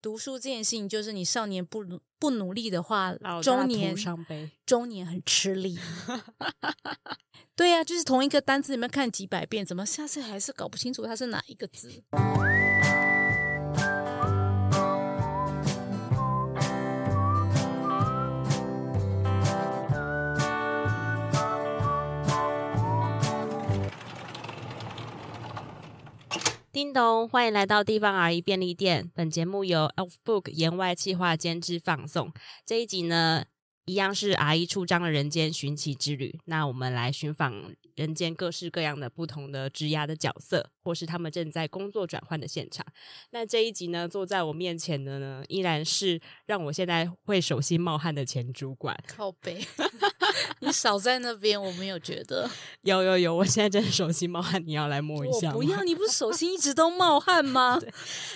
讀書這件事情，就是你少年不努不努力的話，中年中年很吃力。 對呀，就是同一個單詞，裡面看幾百遍，怎麼下次還是搞不清楚它是哪一個字？ 叮咚，歡迎來到地方阿姨便利店。本節目由 offbook 言外企畫監製放送。這一集呢，一樣是阿姨出張的人間尋奇之旅。那我們來尋訪人間各式各樣的不同的職涯的角色，或是他們正在工作轉換的現場。那這一集呢，坐在我面前的呢，依然是讓我現在會手心冒汗的前主管。靠背北。 你少在那邊，我沒有覺得。有有有，我現在真的手心冒汗，你要來摸一下。我不要，你不是手心一直都冒汗嗎？ 對。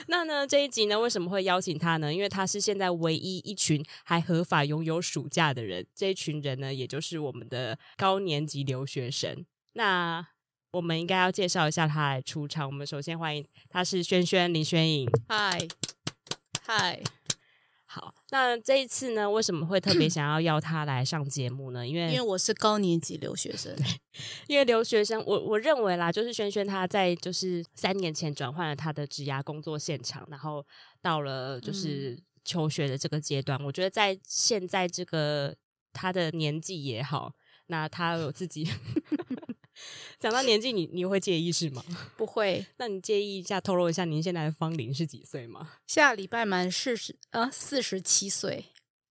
那呢，這一集呢，為什麼會邀請他呢？因為他是現在唯一一群還合法擁有暑假的人。這一群人呢，也就是我們的高年級留學生。那我們應該要介紹一下他來出場。我們首先歡迎，他是軒軒林軒穎，嗨嗨。好，那這一次呢，為什麼會特別想要邀他來上節目呢？因為因為我是高年級留學生， 對，因為留學生，我我認為啦，就是軒軒他在就是三年前轉換了他的職涯工作現場，然後到了就是求學的這個階段，嗯、我覺得在現在這個他的年紀也好，那他有自己。 講到年紀，你你會介意是嗎？不會， 那你介意一下，透露一下您現在的芳齡是幾歲嗎？下禮拜滿四十，呃，四十七歲，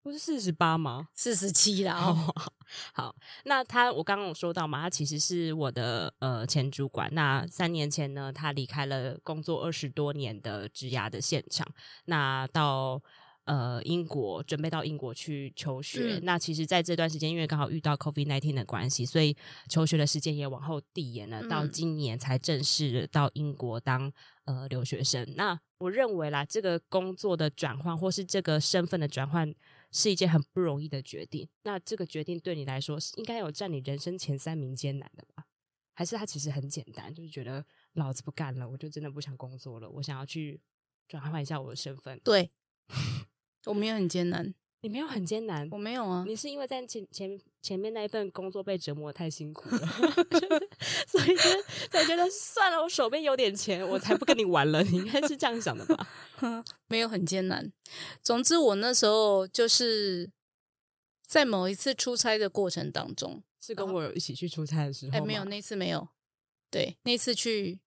不是四十八嗎？四十七了哦好好。好，那他，我剛剛有說到嘛，他其實是我的呃前主管。那三年前呢，他離開了工作二十多年的職涯的現場。那到。呃，英國準備到英國去求學，嗯、那其實在這段時間，因為剛好遇到 COVID nineteen 的關係，所以求學的時間也往後遞延了，嗯、到今年才正式到英國當呃留學生。那我認為啦，這個工作的轉換或是這個身份的轉換是一件很不容易的決定。那這個決定對你來說，應該有占你人生前三名艱難的吧？還是它其實很簡單，就是覺得老子不幹了，我就真的不想工作了，我想要去轉換一下我的身份。對。 我沒有很艱難。你沒有很艱難、嗯，我沒有啊。你是因為在前前前面那一份工作被折磨太辛苦了， 所以才覺得算了，我手邊有點錢，我才不跟你玩了。 你應該是這樣想的吧？沒有很艱難。總之，我那時候就是在某一次出差的過程當中，是跟我一起去出差的時候，還、呃、沒有，那次沒有。對，那次去，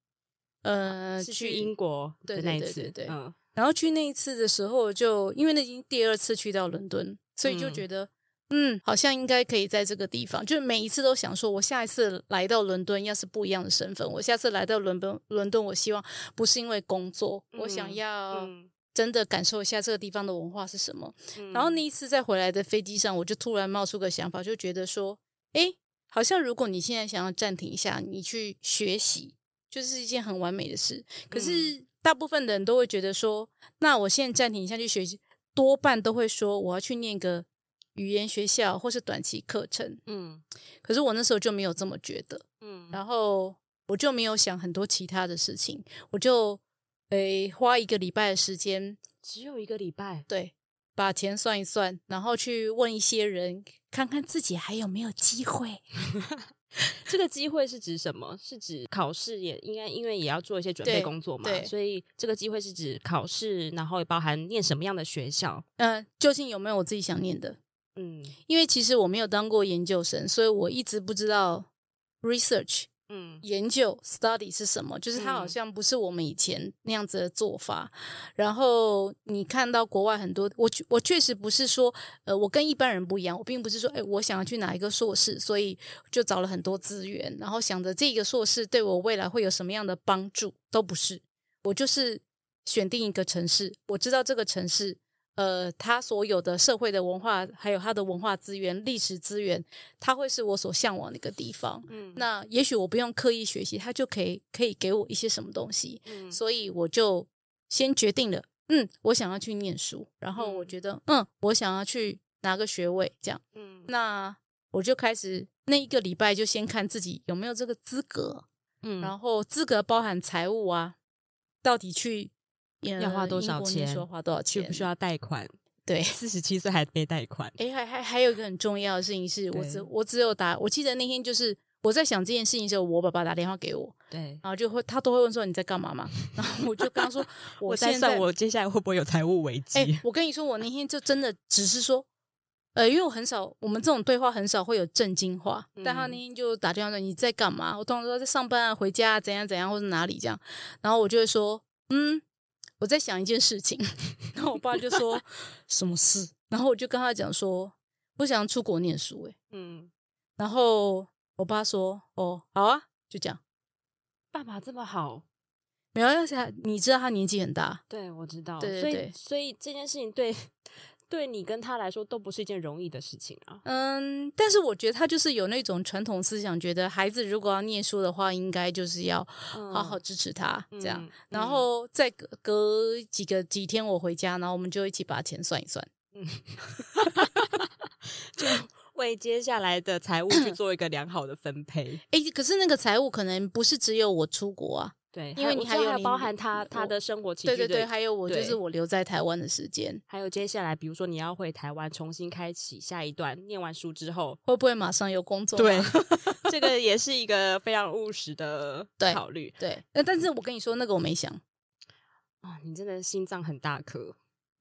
呃，是去英國，對，那一次，對，對，對，對，對，對。嗯然後去那一次的時候就，就因為那已經第二次去到倫敦，所以就覺得，嗯，嗯，好像應該可以在這個地方，就每一次都想說，我下一次來到倫敦，要是不一樣的身份，我下次來到倫敦，倫敦，我希望不是因為工作，嗯，我想要真的感受一下這個地方的文化是什麼。嗯，然後那一次在回來的飛機上，我就突然冒出個想法，就覺得說，哎，好像如果你現在想要暫停一下，你去學習，就是一件很完美的事。可是。嗯大部分的人都會覺得說，那我現在暫停一下去學習，多半都會說我要去念個語言學校或是短期課程。嗯，可是我那時候就沒有這麼覺得。嗯，然後我就沒有想很多其他的事情，我就誒、呃、花一個禮拜的時間，只有一個禮拜，對，把錢算一算，然後去問一些人，看看自己還有沒有機會。 這個機會是指什麼？是指考試也應該，因為也要做一些準備工作嘛。所以這個機會是指考試，然後也包含念什麼樣的學校。嗯、呃，究竟有沒有我自己想念的？嗯，因為其實我沒有當過研究生，所以我一直不知道 research。嗯，研究 study 是什麼？就是它好像不是我們以前那樣子的做法。嗯、然後你看到國外很多，我我確實不是說，呃，我跟一般人不一樣，我並不是說，哎，我想要去哪一個碩士，所以就找了很多資源，然後想着這個碩士對我未來會有什麼樣的幫助，都不是，我就是選定一個城市，我知道這個城市，呃，他所有的社會的文化，還有他的文化資源、歷史資源，他會是我所向往的一個地方。嗯，那也許我不用刻意學習，他就可以可以給我一些什麼東西。嗯，所以我就先決定了，嗯，我想要去念書，然後我覺得，嗯，嗯，我想要去拿個學位，這樣。嗯，那我就開始那一個禮拜就先看自己有沒有這個資格。嗯，然後資格包含財務啊，到底去。要花多少錢？說花多少錢？需不需要貸款，對，四十七歲還背貸款。哎、欸，還還還有一個很重要的事情是，對我只我只有打，我記得那天就是我在想這件事情的時候，我爸爸打電話給我，對，然後就會他都會問說你在幹嘛嘛， 然後我就剛說我現在算我，我接下來會不會有財務危機、欸。我跟你說，我那天就真的只是說，呃，因為我很少我們這種對話很少會有正經話，嗯、但他那天就打電話說你在幹嘛？我通常說在上班啊、回家啊、怎樣怎樣或者哪裡這樣，然後我就會說嗯。我在想一件事情， 然後我爸就說：“ 什麼事？”然後我就跟他講說：“不想出國念書、欸。”哎，嗯，然後我爸說：“哦，好啊，就這樣。”爸爸這麼好，沒有想，你知道他年紀很大，對，我知道，對對對。所以，所以這件事情對，對你跟他來說都不是一件容易的事情啊。嗯，但是我覺得他就是有那種傳統思想，覺得孩子如果要念書的話，應該就是要好好支持他，嗯、這樣。嗯、然後再隔幾個幾天我回家，然後我們就一起把錢算一算，嗯， 就為接下來的財務去做一個良好的分配。哎 欸，可是那個財務可能不是只有我出國啊。對，因為你還有包含他他的生活情，對對對，還有我就是我留在台灣的時間，還有接下來比如說你要回台灣重新開啟下一段，念完書之後會不會馬上有工作？對，這個也是一個非常務實的考慮。對，那但是我跟你說那個我沒想。你真的心臟很大顆，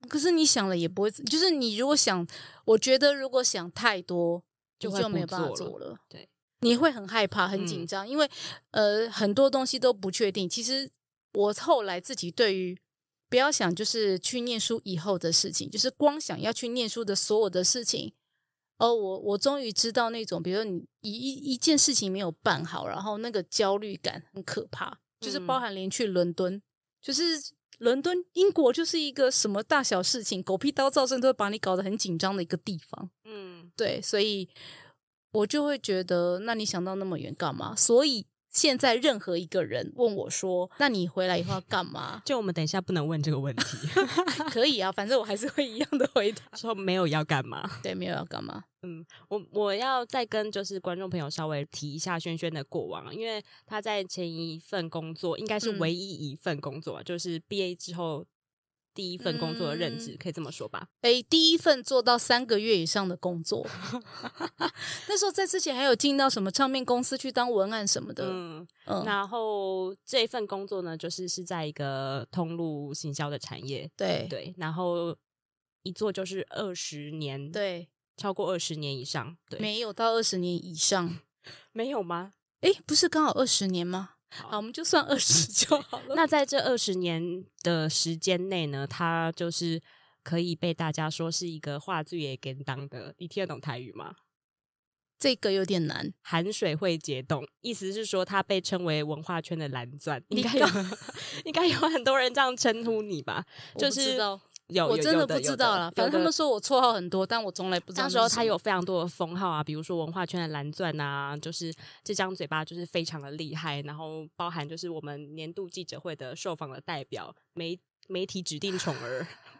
可是你想了也不會，就是你如果想，我覺得如果想太多，就沒辦法做了。對。你會很害怕、很緊張，嗯、因為呃，很多東西都不確定。其實我後來自己對於不要想，就是去念書以後的事情，就是光想要去念書的所有的事情。哦，我我終於知道那種，比如說你一一，一件事情沒有辦好，然後那個焦慮感很可怕，嗯、就是包含連去倫敦，就是倫敦英國就是一個什麼大小事情，狗屁倒灶都會把你搞得很緊張的一個地方。嗯，對，所以。我就會覺得，那你想到那麼遠幹嘛？所以現在任何一個人問我說：“那你回來以後要幹嘛？”就我們等一下不能問這個問題， 可以啊，反正我還是會一樣的回答，說沒有要幹嘛。對，沒有要幹嘛。嗯，我我要再跟就是觀眾朋友稍微提一下軒軒的過往，因為他在前一份工作應該是唯一一份工作、啊，嗯、就是畢業之後。第一份工作的認知，嗯、可以這麼說吧？哎、欸，第一份做到三個月以上的工作， 那時候在之前還有進到什麼唱片公司去當文案什麼的，嗯嗯。嗯，然後這一份工作呢，就是是在一個通路行銷的產業，對對。然後一做就是二十年，對，超過二十年以上，對，沒有到二十年以上，沒有嗎？哎、欸，不是剛好二十年嗎？好，好我們就算二十就好了。對那在這二十年的時間內呢，他就是可以被大家說是一個話劇也跟當的。你聽得懂台語嗎？這個有點難。喊水會結凍，意思是說他被稱為文化圈的藍鑽。應該 應該有很多人這樣稱呼你吧？就是。我有我真的不知道了，的反正他們說我綽號很多，的但我從來不知道。那時候他有非常多的封號啊，麼比如說文化圈的藍鑽啊，就是這張嘴巴就是非常的厲害，然後包含就是我們年度記者會的受訪的代表，媒媒體指定寵兒。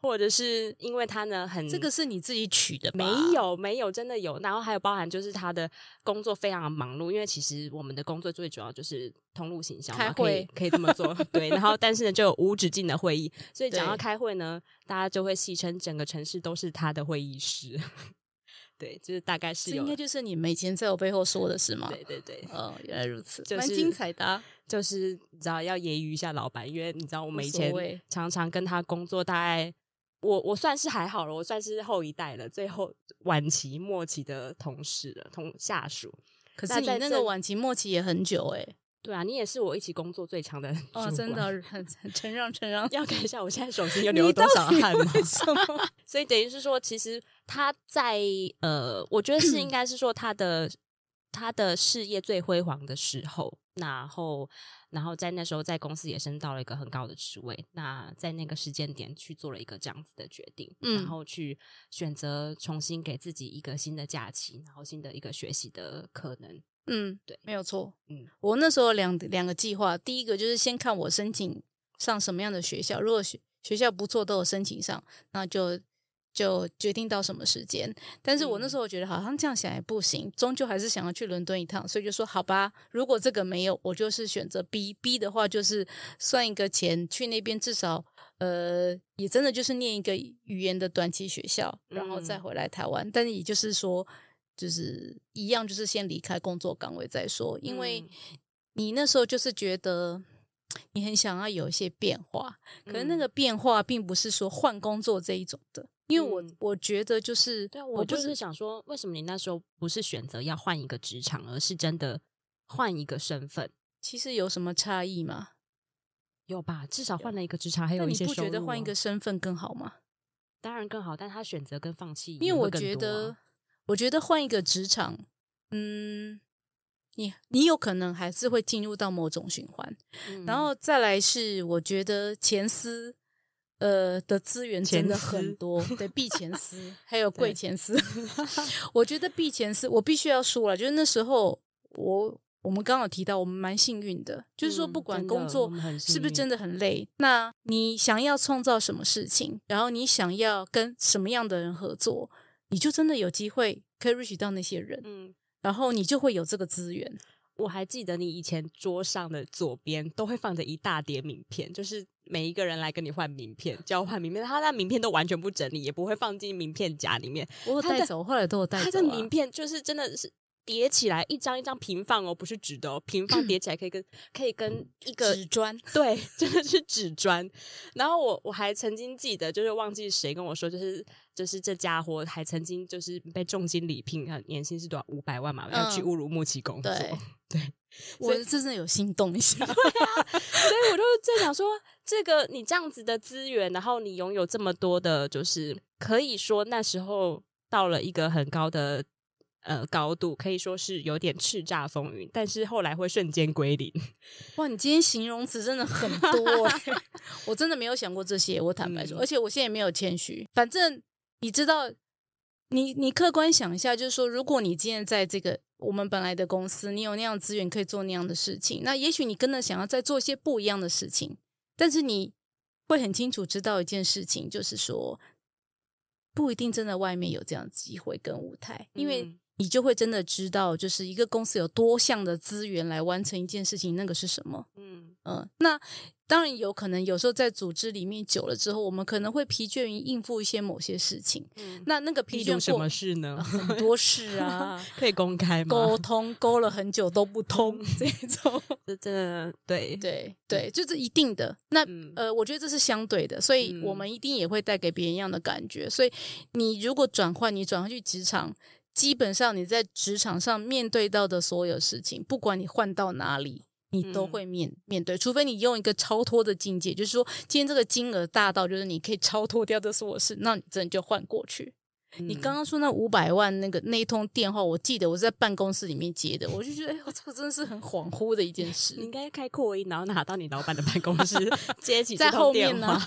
或者是因為他呢，很，這個是你自己取的吧？沒有，沒有，真的有。然後還有包含就是他的工作非常的忙碌，因為其實我們的工作最主要就是通路行銷。開會可以，可以這麼做。 對，然後但是呢，就有無止境的會議，所以講到開會呢，對大家就會戲稱整個城市都是他的會議室。對，就是大概是這，應該就是你每天在我背後說的是嗎？嗯、對對對，哦，原來如此，就是、蠻精彩的、啊，就是你知道要揶揄一下老闆，因為你知道我們以前常常跟他工作，大概。我我算是還好了，我算是後一代了，最後晚期末期的同事了，同下屬。可是你那個晚期末期也很久哎、欸，對啊，你也是我一起工作最長的人。哦，真的、哦、很很承讓承讓，承讓 要看一下我現在手心又流了多少汗嗎？什麼 所以等於是說，其實他在呃，我覺得是應該是說他的 他的事業最輝煌的時候。然後，然後在那時候，在公司也升到了一個很高的職位。那在那個時間點，去做了一個這樣子的決定，嗯、然後去選擇重新給自己一個新的假期，然後新的一個學習的可能。嗯，對，沒有錯。嗯，我那時候有兩兩個計劃，第一個就是先看我申請上什麼樣的學校，如果學學校不錯，都有申請上，那就。就決定到什麼時間，但是我那時候覺得好像這樣想也不行，終究還是想要去倫敦一趟，所以就說好吧，如果這個沒有，我就是選擇 B，B 的話就是算一個錢去那邊，至少呃也真的就是念一個語言的短期學校，然後再回來台灣，嗯、但也就是說就是一樣，就是先離開工作崗位再說，因為你那時候就是覺得你很想要有一些變化，可是那個變化並不是說換工作這一種的。因為我、嗯、我覺得就是對，我就是想說，為什麼你那時候不是選擇要換一個職場，而是真的換一個身份？其實有什麼差異嗎？有吧，至少換了一個職場，還有一些收入、哦、但你不覺得換一個身份更好嗎？當然更好，但他選擇跟放棄有有更、啊，因為我覺得，我覺得換一個職場，嗯，你你有可能還是會進入到某種循環，嗯、然後再來是，我覺得前思。呃，的資源真的很多，對，避前思，還有貴前思。我覺得避前思，我必須要說了。就是那時候我，我我們剛好提到我們蠻幸運的，嗯，就是說不管工作是不是真的很累，很那你想要創造什麼事情，然後你想要跟什麼樣的人合作，你就真的有機會可以 reach 到那些人，嗯，然後你就會有這個資源。我還記得你以前桌上的左邊都會放着一大疊名片，就是。每一個人來跟你換名片，交換名片，他那名片都完全不整理，也不會放進名片夾裡面，我有帶走，他在我後來都有帶走啊。他的名片就是真的是。疊起來一張一張平放哦，不是直的哦，平放疊起來可以跟、嗯、可以跟一個紙磚，嗯、磚對，就是紙磚。 然後我我還曾經記得，就是忘記誰跟我說，就是就是這家伙還曾經就是被重金禮聘，年薪是多少？五百萬嘛，嗯、要去烏魯木齊工作。對，對以我真的有心動一下。 對啊，所以我就在想說，這個你這樣子的資源，然後你擁有這麼多的，就是可以說那時候到了一個很高的。呃，高度可以說是有點叱吒風雲，但是後來會瞬間歸零。哇，你今天形容詞真的很多，啊， 我真的沒有想過這些，我坦白說，嗯、而且我現在也沒有謙虛。反正你知道，你你客觀想一下，就是說，如果你今天在這個我們本來的公司，你有那樣資源可以做那樣的事情，那也許你真的想要再做一些不一樣的事情，但是你會很清楚知道一件事情，就是說，不一定真的外面有這樣機會跟舞台，嗯、因為。你就會真的知道，就是一個公司有多項的資源來完成一件事情，那個是什麼？嗯嗯。那當然有可能，有時候在組織裡面久了之後，我們可能會疲倦於應付一些某些事情。嗯、那那個疲倦是什麼事呢？啊？很多事啊， 可以公開嗎？溝通溝了很久都不通，嗯、這種這真的對對對，就是一定的。那、嗯、呃，我覺得這是相對的，所以我們一定也會帶給別人一樣的感覺。嗯、所以你如果轉換，你轉換去職場。基本上你在職場上面對到的所有事情，不管你換到哪裡，你都會面、嗯、面對，除非你用一個超脫的境界，就是說今天這個金額大到就是你可以超脫掉的所有事，那你真的就換過去。嗯、你剛剛說那五百萬那個那一通電話，我記得我是在辦公室裡面接的，我就覺得哎，欸、我這個真的是很恍惚的一件事。你應該開擴音，然後拿到你老板的辦公室 接起在後面呢、啊。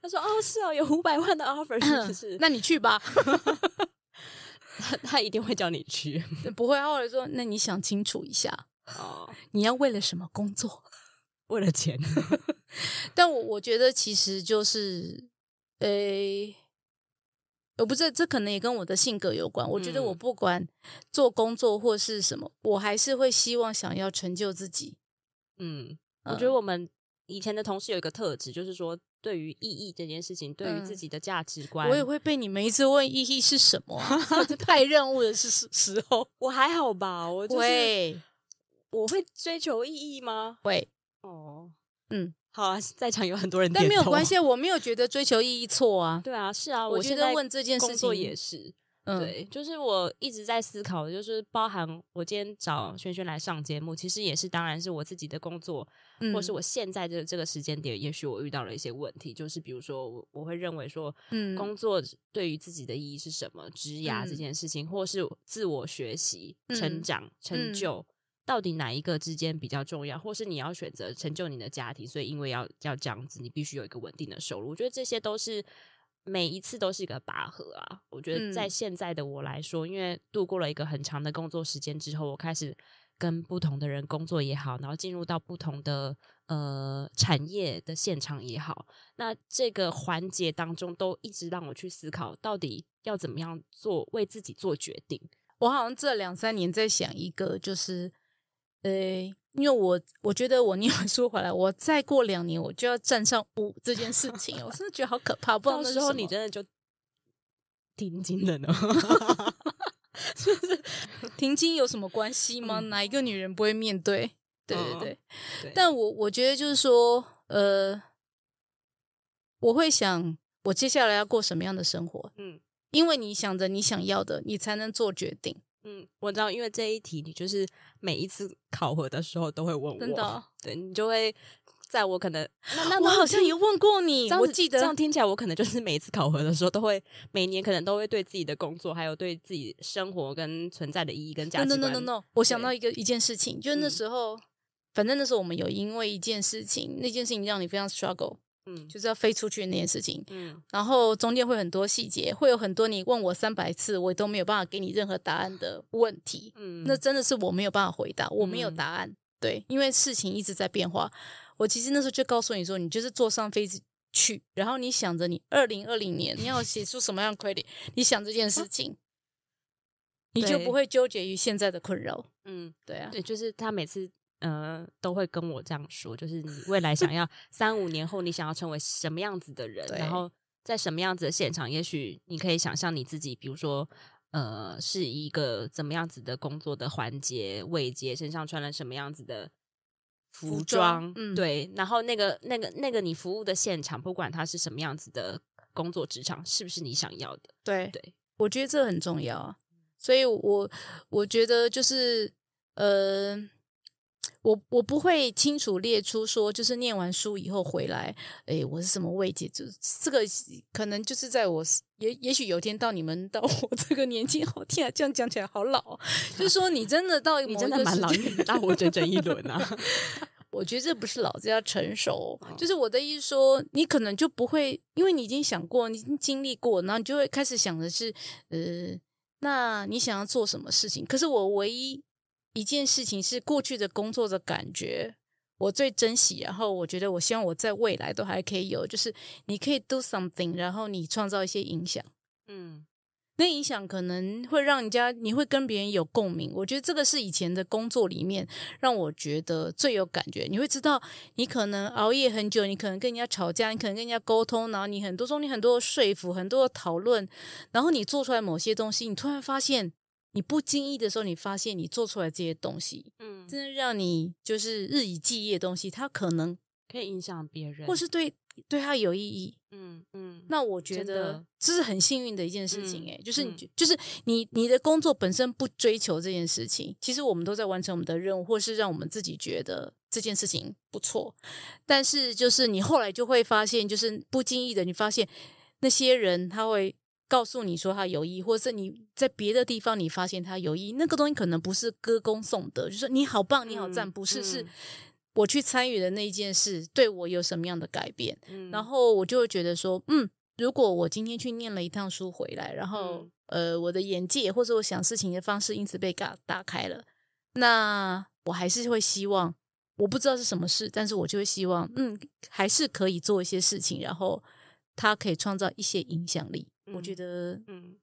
他說哦，是哦，有五百萬的 offer 是，是，是、嗯？那你去吧。 他，他一定會叫你去，不會。或者說，那你想清楚一下，哦，oh. 你要為了什麼工作？ 為了錢？ 但我我覺得其實就是，誒、欸，哦，不是，這可能也跟我的性格有關。我覺得我不管做工作或是什麼，嗯、我還是會希望想要成就自己。嗯，嗯我覺得我們以前的同事有一個特質，就是說。對於意義這件事情，對於自己的價值觀，嗯、我也會被你們一直問意義是什麼、啊， 派任務的是時候，我還好吧，我、就是、會，我會追求意義嗎？會，哦，嗯，好啊，在場有很多人、啊，但沒有關係，我沒有覺得追求意義錯啊，對啊，是啊，我覺得我問這件事情也是。對，嗯、就是我一直在思考，就是包含我今天找軒軒來上節目，其實也是，當然是我自己的工作，嗯、或是我現在的這個時間點，也許我遇到了一些問題，就是比如說我，我我會認為說，工作對於自己的意義是什麼？職涯這件事情，嗯、或是自我學習、成長、嗯、成就，到底哪一個之間比較重要？或是你要選擇成就你的家庭，所以因為要要這樣子，你必須有一個穩定的收入。我覺得這些都是。每一次都是一個拔河啊！我覺得在現在的我來說，嗯，因為度過了一個很長的工作時間之後，我開始跟不同的人工作也好，然後進入到不同的呃產業的現場也好，那這個環節當中都一直讓我去思考，到底要怎麼樣做，為自己做決定。我好像這兩三年在想一個就是。呃，因為我我覺得我念完書回來，我再過兩年我就要站上五這件事情 我真的覺得好可怕。不知道到時候你真的就停經了呢？ 停經有什麼關係嗎？嗯、哪一個女人不會面對？對對對。哦、對但我我覺得就是說，呃，我會想我接下來要過什麼樣的生活。嗯，因為你想着你想要的，你才能做決定。嗯，我知道，因為這一題，你就是每一次考核的時候都會問我，真的、哦，對，你就會在我可能那那，那好，我好像也問過你，這樣我記得這樣聽起來，我可能就是每一次考核的時候都會，每年可能都會對自己的工作，還有對自己生活跟存在的意義跟價值觀。No No No，, no, no 對我想到一個一件事情，就是那時候，嗯、反正那時候我們有因為一件事情，那件事情讓你非常 struggle。嗯，就是要飛出去那件事情。嗯，然後中間會很多細節，會有很多你問我三百次，我都沒有辦法給你任何答案的問題。嗯，那真的是我沒有辦法回答，我沒有答案。嗯、對，因為事情一直在變化。我其實那時候就告訴你說，你就是坐上飛機去,然後你想着你二零二零年你要寫出什麼樣的 credit，你想這件事情，啊、你就不會糾結於現在的困擾。嗯，對啊，對，就是他每次。呃，都會跟我這樣說，就是你未來想要三五年後，你想要成為什麼樣子的人，對然後在什麼樣子的現場，也許你可以想象你自己，比如說，呃，是一個怎麼樣子的工作的環節、位階身上穿了什麼樣子的服裝，服裝嗯、對，然後那個、那個、那個你服務的現場，不管它是什麼樣子的工作職場，是不是你想要的？對對，對我覺得這很重要啊。所以我，我我覺得就是，呃。我我不會清楚列出說，就是念完書以後回來，哎，我是什麼位置？就這個可能就是在我也，也許有一天到你們，到我這個年紀喔，天啊，這樣講起來好老。啊、就是說，你真的到，你真的蠻老，那我整整一輪啊。 我覺得這不是老，子要成熟。嗯、就是我的意思說，你可能就不會，因為你已經想過，你已經經歷過，然後你就會開始想的是，呃，那你想要做什麼事情？可是我唯一。一件事情，是過去的工作的感覺，我最珍惜。然後我覺得，我希望我在未來都還可以有，就是你可以 do something，然後你創造一些影響。嗯，那影響可能會讓人家，你會跟別人有共鳴。我覺得這個是以前的工作裡面讓我覺得最有感覺。你會知道，你可能熬夜很久，你可能跟人家吵架，你可能跟人家溝通，然後你很多時候，你很多說服，很多的討論，然後你做出來某些東西，你突然發現。你不經意的時候，你發現你做出來這些東西，嗯，真的讓你就是日以繼夜的東西，它可能可以影響別人，或是對對他有意義。嗯嗯，嗯，那我覺得的這是很幸運的一件事情，誒，就是你就是你你的工作本身不追求這件事情，其實我們都在完成我們的任務，或是讓我們自己覺得這件事情不錯，但是就是你後來就會發現，就是不經意的，你發現那些人他會，告訴你說他有意，或者是你在別的地方你發現他有意，那個東西可能不是歌功頌德，就是、說你好棒，你好贊，嗯、不是、嗯、是，我去參與的那件事對我有什麼樣的改變？嗯、然後我就會覺得說，嗯，如果我今天去念了一趟書回來，然後、嗯、呃，我的眼界或者我想事情的方式因此被打打開了，那我還是會希望，我不知道是什麼事，但是我就會希望，嗯，還是可以做一些事情，然後它可以創造一些影響力。我覺得，嗯，嗯，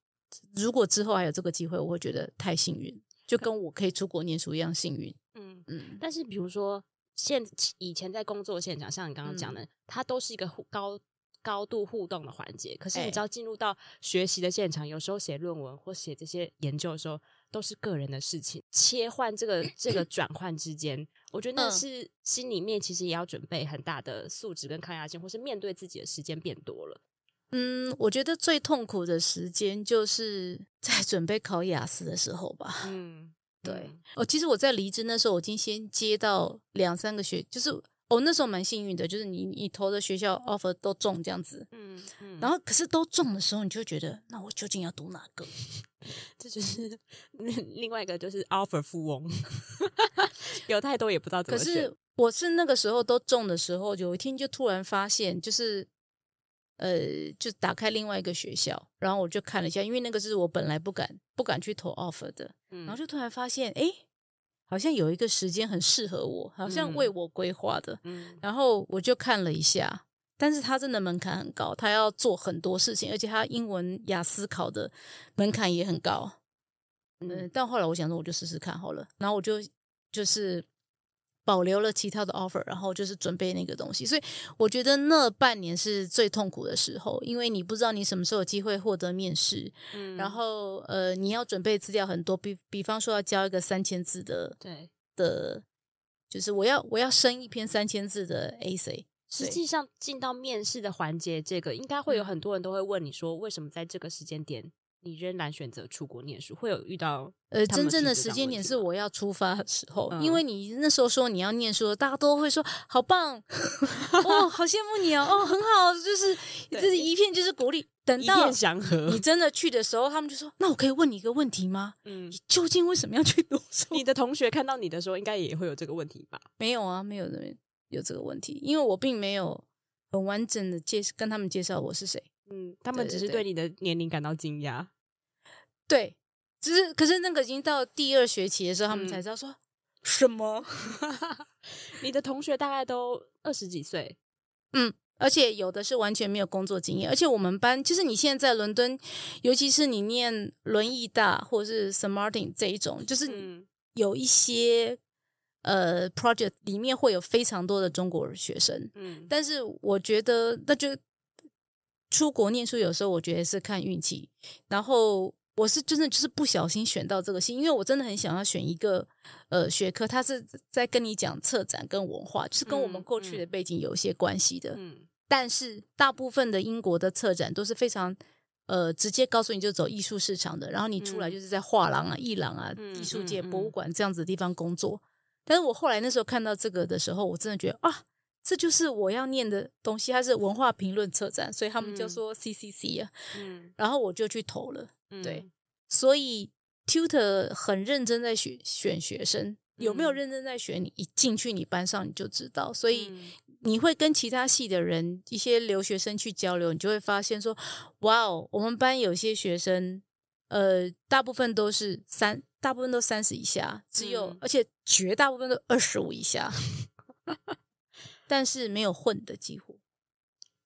如果之後還有這個機會，我會覺得太幸運，嗯、就跟我可以出國念書一樣幸運。嗯嗯。嗯，但是，比如說現，以前在工作現場，像你剛剛講的，嗯、它都是一個高高度互動的環節。可是，你知道，進入到學習的現場，欸、有時候寫論文或寫這些研究的時候，都是個人的事情。切換這個這個轉換之間， 我覺得那是心裡面其實也要準備很大的素質跟抗壓性，或是面對自己的時間變多了。嗯，我覺得最痛苦的時間就是在準備考雅思的時候吧。嗯，對。哦，其實我在離職那時候，我已經先接到兩三個學，就是我、哦、那時候蠻幸運的，就是你你投的學校 offer 都中這樣子。嗯嗯。嗯然後，可是都中的時候，你就覺得那我究竟要讀哪個？這就是另外一個就是 offer 富翁， 有太多也不知道怎麼。可是我是那個時候都中的時候，有一天就突然發現，就是。呃，就打開另外一個學校，然後我就看了一下，因為那個是我本來不敢不敢去投 offer 的，嗯、然後就突然發現，哎，好像有一個時間很適合我，好像為我規劃的，嗯、然後我就看了一下，但是他真的門檻很高，他要做很多事情，而且他英文雅思考的門檻也很高，嗯，嗯但後來我想說，我就試試看好了，然後我就就是。保留了其他的 offer，然後就是準備那個東西，所以我覺得那半年是最痛苦的時候，因為你不知道你什麼時候有機會獲得面試，嗯，然後呃，你要準備資料很多，比比方說要交一個三千字的，對的，就是我要我要申一篇三千字的 essay，實際上對進到面試的環節，這個應該會有很多人都會問你說、嗯、為什麼在這個時間點。你仍然選擇出國念書，會有遇到呃，真正的時間點是我要出發的時候，嗯、因為你那時候說你要念書，大家都會說好棒 哦，好羨慕你哦、啊，哦，很好，就是這對是一片就是鼓勵。一片祥和。等到你真的去的時候，他們就說：“那我可以問你一個問題嗎？”嗯，你究竟為什麼要去讀書？你的同學看到你的時候，應該也會有這個問題吧？沒有啊，沒有人有這個問題，因為我並沒有很完整的介、跟他們介紹我是誰。嗯，他們只是對你的年齡感到驚訝。對，對，對，對，只是可是那個已經到第二學期的時候，他們才知道說、嗯、什麼？ 你的同學大概都二十幾歲，嗯，而且有的是完全沒有工作經驗。而且我們班就是你現在在倫敦，尤其是你念倫藝大或者是 St. Martin 這一種，就是有一些、嗯、呃 project 裡面會有非常多的中國學生，嗯，但是我覺得那就。出國念書有時候我覺得是看運氣，然後我是真的就是不小心選到這個系，因為我真的很想要選一個呃學科，它是在跟你講策展跟文化，就是跟我們過去的背景有一些關係的。嗯嗯、但是大部分的英國的策展都是非常呃直接告訴你就走藝術市場的，然後你出來就是在畫廊啊、藝廊啊、嗯、藝術界、博物館這樣子的地方工作。嗯嗯嗯、但是我後來那時候看到這個的時候，我真的覺得啊。這就是我要念的東西，它是文化評論策展，所以他們就說 C C C 啊，嗯、然後我就去投了。嗯、對，所以 Tutor 很認真在選選學生，有沒有認真在選你？一進去你班上你就知道。所以、嗯、你會跟其他系的人、一些留學生去交流，你就會發現說：哇哦，我們班有些學生，呃，大部分都是三，大部分都三十以下，只有、嗯、而且絕大部分都二十五以下。 但是沒有混的幾乎，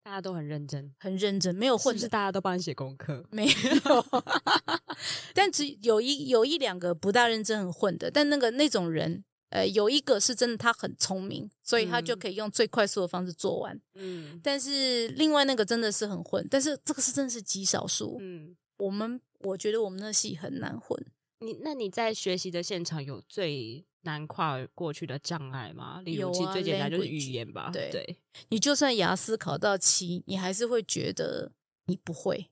大家都很認真，很認真，沒有混的是，是大家都幫你寫功課，沒有。 但只有一有一兩個不大認真很混的，但那個那種人，呃，有一個是真的他很聰明，所以他就可以用最快速的方式做完。嗯，但是另外那個真的是很混，但是這個是真的是極少數。嗯，我們我覺得我們那系很難混。你那你在學習的現場有最難跨過去的障礙嘛？尤其最簡單就是語言吧。啊、對，對你，就算雅思考到七，你還是會覺得你不會，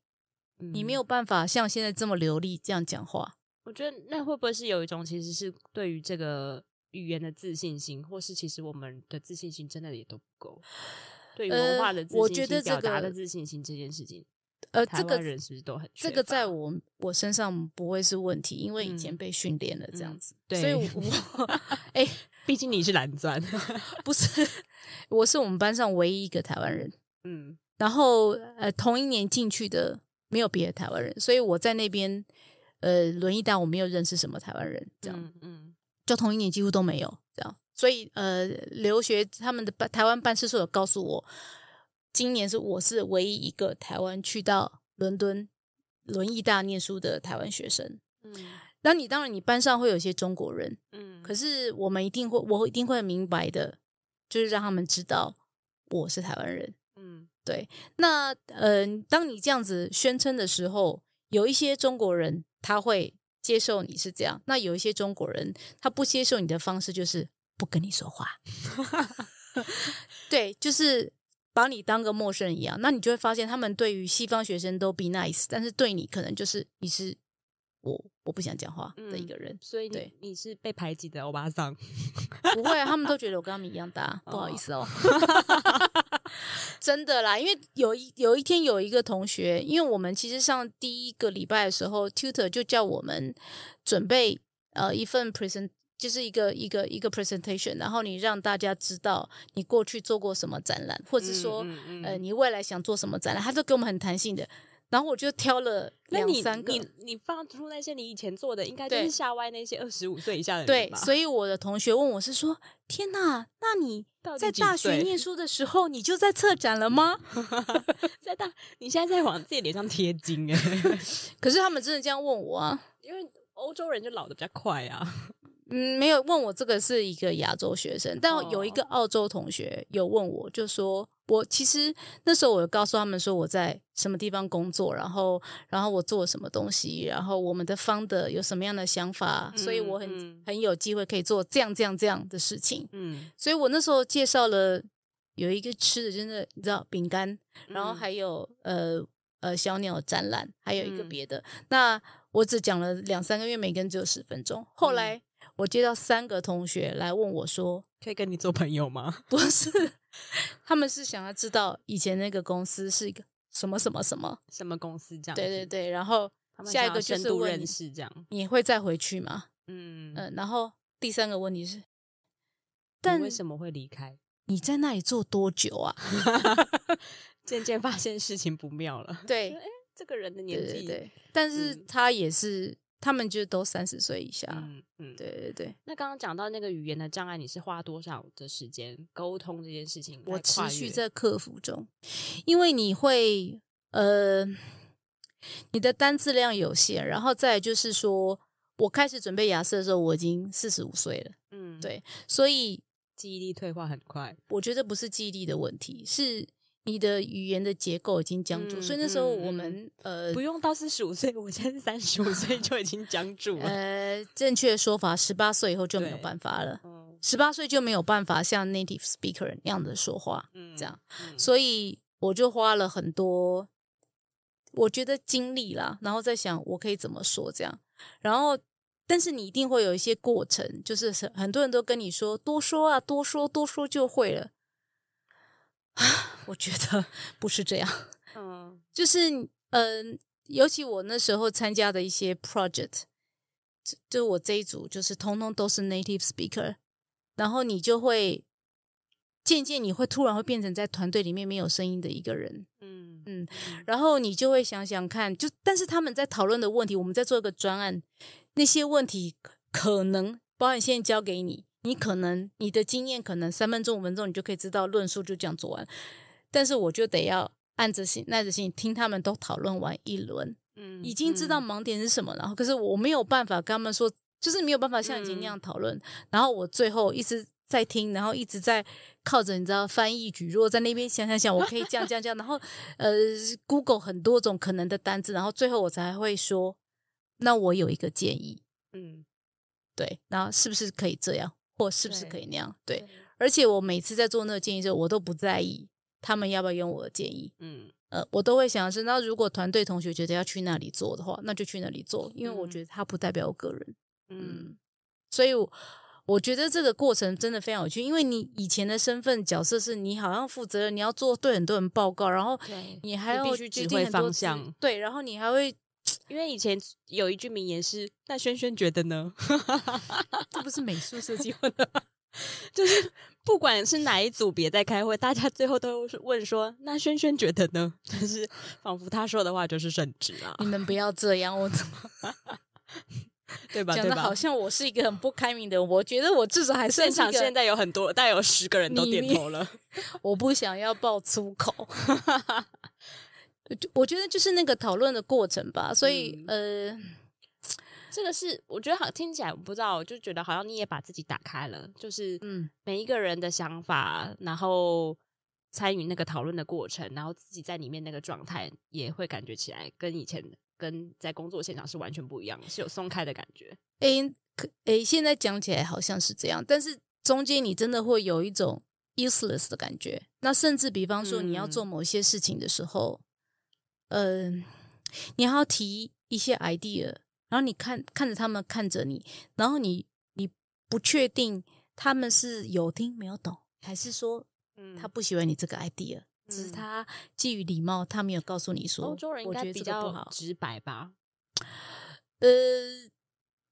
嗯、你沒有辦法像現在這麼流利這樣講話。我覺得那會不會是有一種其實是對於這個語言的自信心，或是其實我們的自信心真的也都不夠？對於文化的自信心、表達的自信心這件事情。呃，這個人是不是都很這個，在我我身上不會是問題，因為以前被訓練了這樣子，嗯嗯、對，所以我哎，我欸、畢竟你是藍鑽，不是，我是我們班上唯一一個台灣人，嗯，然後呃同一年進去的沒有別的台灣人，所以我在那邊呃倫敦我沒有認識什麼台灣人這樣，嗯，嗯就同一年幾乎都沒有這樣，所以呃留學他們的辦台灣辦事處有告訴我。今年是我是唯一一個台灣去到倫敦輪椅大念書的台灣學生，嗯，那你當然你班上會有一些中國人，嗯，可是我們一定會，我一定會明白的，就是讓他們知道我是台灣人，嗯，對。那，嗯、呃，當你這樣子宣稱的時候，有一些中國人他會接受你是這樣，那有一些中國人他不接受你的方式就是不跟你說話， 對，就是。把你當個陌生人一樣，那你就會發現他們對於西方學生都 be nice，但是對你可能就是你是我我不想講話的一個人，嗯、所以你對，你是被排擠的歐巴桑？不會，他們都覺得我跟他們一樣大，哦、不好意思哦。 真的啦，因為有一有一天有一個同學，因為我們其實上第一個禮拜的時候 tutor 就叫我們準備呃一份 present。就是一個一個一個 presentation，然後你讓大家知道你過去做過什麼展覽，或者說，嗯嗯、呃，你未來想做什麼展覽，他都給我們很彈性的。然後我就挑了兩那你三個。你你放出那些你以前做的，應該就是嚇歪那些二十五歲以下的人。對，所以我的同學問我是說，天哪，那你在大學念書的時候，你就在策展了嗎？ 在大，你現在在往自己臉上貼金哎。 可是他們真的這樣問我啊，因為歐洲人就老得比較快啊。嗯，沒有問我這個是一個亞洲學生，但有一個澳洲同學有問我，就說、哦、我其實那時候我告訴他們說我在什麼地方工作，然後然後我做了什麼東西，然後我們的 founder 有什麼樣的想法，嗯、所以我很、嗯、很有機會可以做這樣這樣這樣的事情。嗯，所以我那時候介紹了有一個吃的、就是，真的你知道餅乾，嗯、然後還有、嗯、呃呃小鳥展覽，還有一個別的。嗯、那我只講了兩三個月，每個人只有十分鐘，後來。嗯我接到三個同學來問我說：“可以跟你做朋友嗎？”不是，他們是想要知道以前那個公司是一個什麼什麼什麼什麼公司這樣。對對對，然後下一個就是認識這樣。你會再回去嗎？嗯嗯，然後第三個問題是：但為什麼會離開？你在那裡做多久啊？漸漸 發現事情不妙了。對，哎、欸，這個人的年紀，對，對，對，嗯、但是他也是。他們就都三十歲以下，嗯嗯，嗯對對對。那剛剛講到那個語言的障礙，你是花多少的時間溝通這件事情？我持續在克服中，因為你會呃，你的單字量有限，然後再就是說，我開始準備雅思的時候，我已經四十五歲了，嗯，對，所以記憶力退化很快。我覺得不是記憶力的問題，是。你的語言的結構已經僵住，嗯、所以那時候我們、嗯、呃不用到四十五歲，我現在三十五歲就已經僵住了。 呃，正確的說法十八歲以後就沒有辦法了，十八、嗯、歲就沒有辦法像 native speaker 那樣的說話，嗯、這樣。嗯、所以我就花了很多，我覺得精力啦，然後在想我可以怎麼說這樣。然後，但是你一定會有一些過程，就是很多人都跟你說多說啊，多說多說就會了。 我覺得不是這樣，嗯，就是，嗯、呃，尤其我那時候參加的一些 project，就，就我這一組就是通通都是 native speaker，然後你就會漸漸你會突然會變成在團隊裡面沒有聲音的一個人，嗯嗯，然後你就會想想看，就但是他們在討論的問題，我們在做一個專案，那些問題可能，保險現在交給你。你可能你的經驗可能三分鐘五分鐘你就可以知道論述就這樣做完，但是我就得要按着性耐着心聽他們都討論完一輪，嗯，已經知道盲點是什麼、嗯、然後可是我沒有辦法跟他們說，就是沒有辦法像以前那樣討論。嗯、然後我最後一直在聽，然後一直在靠着你知道翻譯局，如果在那邊想想想，我可以這樣這樣這樣。 然後呃，Google 很多種可能的單字，然後最後我才會說，那我有一個建議，嗯，對，然後是不是可以這樣？是不是可以那樣？對，對，對，而且我每次在做那個建議之後，我都不在意他們要不要用我的建議。嗯，呃，我都會想的是，那如果團隊同學覺得要去那裡做的話，那就去那裡做，因為我覺得它不代表我個人。嗯，嗯，所以我，我覺得這個過程真的非常有趣，因為你以前的身份角色是你好像負責，你要做對很多人報告，然後你還要你決定指揮方向，對，然後你還會。因為以前有一句名言是“那軒軒覺得呢？” 這不是美術設計會的， 就是不管是哪一組別在開會，大家最後都是問說：“那軒軒覺得呢？”但、就是仿佛他說的話就是聖旨啊！你們不要這樣，我怎麼 對吧？講的好像我是一個很不開明的人 我覺得我至少還是現場現在有很多，大概你有十個人都點頭了。我不想要爆粗口。 我覺得就是那個討論的過程吧，所以、嗯、呃，這個是我覺得好聽起來，我不知道，就覺得好像你也把自己打開了，就是嗯，每一個人的想法，然後參與那個討論的過程，然後自己在裡面那個狀態，也會感覺起來跟以前跟在工作現場是完全不一樣，是有鬆開的感覺。欸、可，誒、欸，現在講起來好像是這樣，但是中間你真的會有一種 useless 的感覺，那甚至比方說你要做某些事情的時候。嗯呃，你還要提一些 idea，然後你看看着他們看着你，然後你你不確定他們是有聽沒有懂，還是說他不喜歡你這個 idea，、嗯、只是他基於禮貌，他沒有告訴你說，我覺得這個不好。歐洲人應該比較直白吧？呃，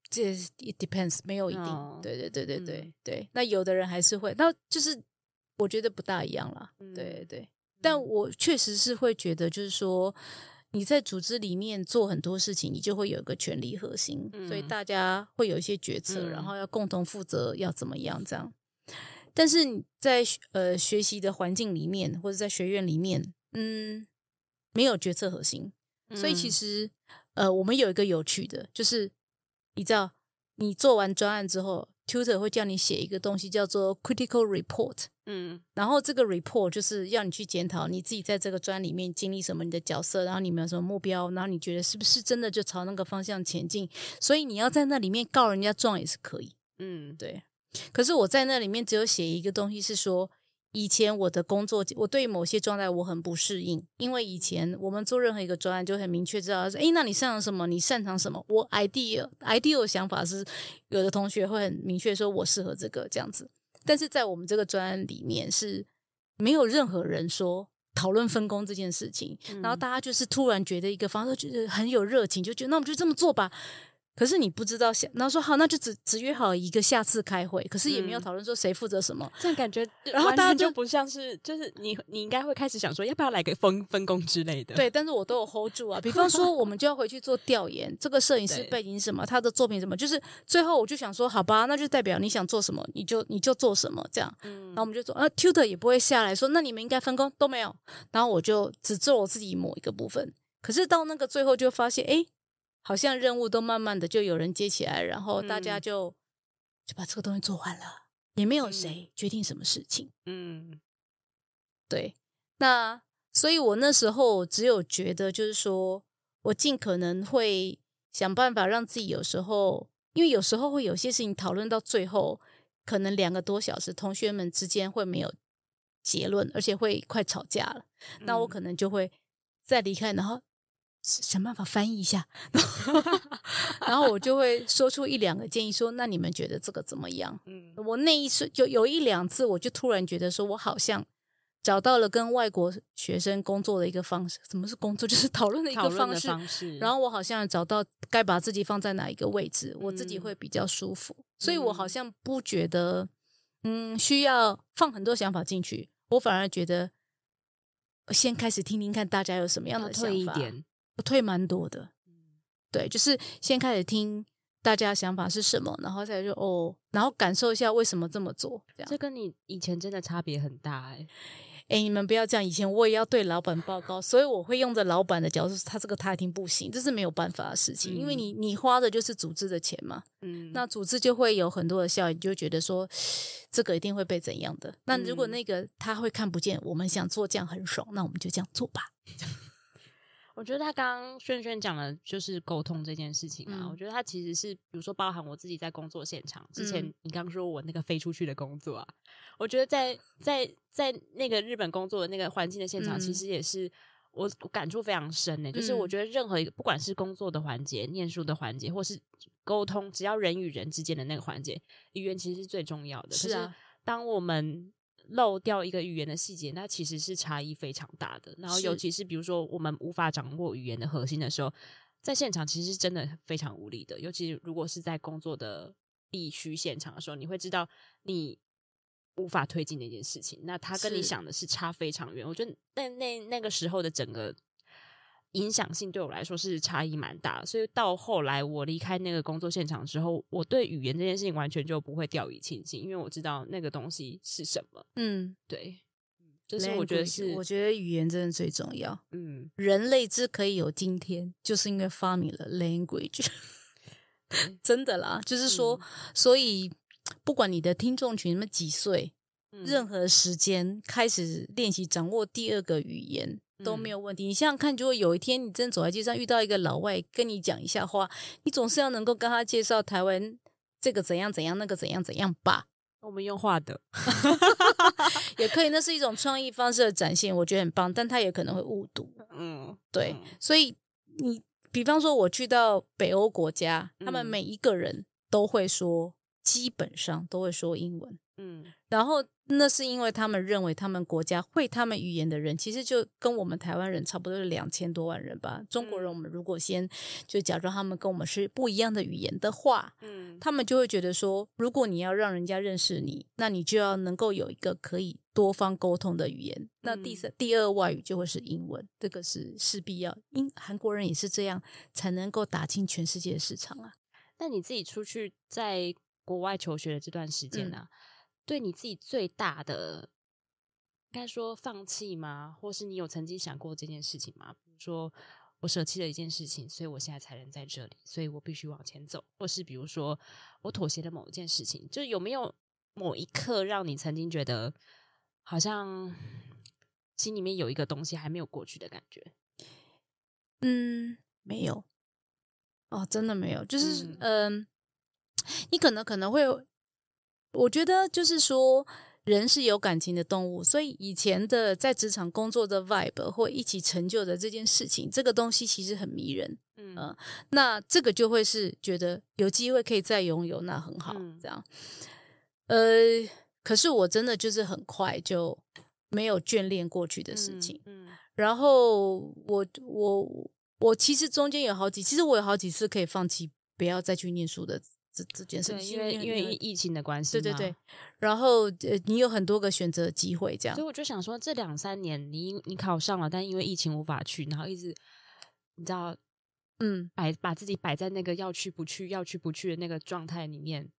這 it depends，沒有一定。Oh, 對對對對對對，、嗯、對，那有的人還是會，那就是我覺得不大一樣了。嗯、對對。但我確實是會覺得，就是說你在組織裡面做很多事情，你就會有一個權力核心，嗯、所以大家會有一些決策，嗯、然後要共同負責要怎麼樣這樣。但是在呃學習的環境裡面或者在學院裡面，嗯，沒有決策核心，嗯、所以其實呃我們有一個有趣的就是，你知道你做完專案之後。Tutor 會叫你寫一個東西叫做 Critical Report，嗯，然後這個 Report 就是要你去檢討你自己在這個專裡面經歷什麼，你的角色，然後你沒有什麼目標，然後你覺得是不是真的就朝那個方向前進，所以你要在那裡面告人家狀也是可以，嗯，對。可是我在那裡面只有寫一個東西是說。以前我的工作，我對某些狀態我很不適應，因為以前我們做任何一個專案就很明確知道，誒，那你擅長什麼？你擅長什麼？我 idea idea 的想法是，有的同學會很明確說，我適合這個這樣子，但是在我們這個專案裡面是沒有任何人說討論分工這件事情，嗯、然後大家就是突然覺得一個方式，就很有熱情，就覺得那我們就這麼做吧。可是你不知道想，然後說好，那就只只約好一個下次開會，可是也沒有討論說誰負責什麼，嗯、這樣感覺，然後大家就不像是，就是你你應該會開始想說，要不要來個分分工之類的。對，但是我都有 hold 住啊。比方說，我們就要回去做調研， 這個攝影師背景什麼，對他的作品什麼，就是最後我就想說，好吧，那就代表你想做什麼，你就你就做什麼這樣。嗯。然後我們就說，啊，Tutor 也不會下來說，那你們應該分工都沒有。然後我就只做我自己某一個部分。可是到那個最後就發現，哎。好像任務都慢慢的就有人接起來，然後大家就、嗯、就把這個東西做完了，也沒有誰決定什麼事情。嗯，嗯，對。那所以，我那時候只有覺得，就是說我盡可能會想辦法讓自己有時候，因為有時候會有些事情討論到最後，可能兩個多小時，同學們之間會沒有結論，而且會快吵架了。那我可能就會再離開，然後。想辦法翻譯一下，然後， 然後我就會說出一兩個建議說，說那你們覺得這個怎麼樣？嗯、我那一次就有一兩次，我就突然覺得，說我好像找到了跟外國學生工作的一個方式。怎麼是工作？就是討論的一個方式。方式，然後我好像找到該把自己放在哪一個位置，嗯、我自己會比較舒服。所以我好像不覺得，嗯，嗯，需要放很多想法進去。我反而覺得，先開始聽聽看大家有什麼樣的想法。退蠻多的，嗯、對，就是先開始聽大家想法是什麼，然後再就哦，然後感受一下為什麼這麼做。這樣，這跟你以前真的差別很大哎？、欸，哎、欸，你們不要這樣，以前我也要對老板報告，所以我會用着老板的角度，他這個他一定不行，這是沒有辦法的事情。嗯、因為你你花的就是組織的錢嘛，嗯，那組織就會有很多的效應，就會覺得說這個一定會被怎樣的。嗯、那如果那個他會看不見，我們想做這樣很爽，那我們就這樣做吧。 我覺得他剛剛萱萱講的就是溝通這件事情啊。嗯、我覺得他其實是，比如說包含我自己在工作現場之前，你剛說我那個飛出去的工作啊，我覺得在在在那個日本工作的那個環境的現場，嗯、其實也是我感觸非常深呢、欸。嗯、就是我覺得任何一個不管是工作的環節、念書的環節，或是溝通，只要人與人之間的那個環節，語言其實是最重要的。是啊、可是當我們漏掉一個語言的細節，那其實是差異非常大的。然後，尤其是比如說我們無法掌握語言的核心的時候，在現場其實真的非常無力的。尤其是如果是在工作的地區現場的時候，你會知道你無法推進那件事情，那他跟你想的是差非常遠。是我覺得那那那個時候的整個。影響性對我來說是差異蠻大的，所以到後來我離開那個工作現場之後，我對語言這件事情完全就不會掉以輕心，因為我知道那個東西是什麼。嗯，對，所以，我覺得是，language, 我覺得語言真的最重要。嗯，人類之所以可以有今天，就是因為發明了 language。 真的啦，嗯、就是說，所以不管你的聽眾群你們幾歲，嗯、任何時間開始練習掌握第二個語言，都沒有問題。你想想看，如果有一天你真走在街上遇到一個老外跟你講一下話，你總是要能夠跟他介紹台灣這個怎樣怎樣，那個怎樣怎樣吧？我們用畫的 也可以，那是一種創意方式的展現，我覺得很棒。但他也可能會誤讀。嗯，對。嗯、所以你比方說我去到北歐國家，他們每一個人都會說，嗯、基本上都會說英文。嗯，然後那是因為他們認為他們國家會他們語言的人，其實就跟我們台灣人差不多是兩千多萬人吧。中國人，我們如果先就假裝他們跟我們是不一樣的語言的話，嗯，他們就會覺得說，如果你要讓人家認識你，那你就要能夠有一個可以多方溝通的語言。那第三、嗯、第二外語就會是英文，這個是勢必要。因韓國人也是這樣才能夠打進全世界的市場啊。那你自己出去在國外求學的這段時間呢、啊？嗯對你自己最大的，該說放棄嗎？或是你有曾經想過這件事情嗎？比如說，我舍棄了一件事情，所以我現在才能在這裡，所以我必須往前走。或是比如說，我妥協了某一件事情，就有沒有某一刻讓你曾經覺得好像心裡面有一個東西還沒有過去的感覺？嗯，沒有。哦，真的沒有。就是嗯、呃，你可能可能會。我覺得就是說，人是有感情的動物，所以以前的在職場工作的 vibe 或一起成就的這件事情，這個東西其實很迷人，嗯、呃，那這個就會是覺得有機會可以再擁有，那很好，嗯、這樣。呃，可是我真的就是很快就沒有眷戀過去的事情，嗯嗯、然後我我我其實中間有好幾，其實我有好幾次可以放棄，不要再去念書的。這，這件事，因為因為，因為疫情的關係，對對對。然後、呃，你有很多個選擇機會，這樣。所以我就想說，這兩三年你，你你考上了，但因為疫情無法去，然後一直，你知道，嗯，擺把自己擺在那個要去不去、要去不去的那個狀態裡面。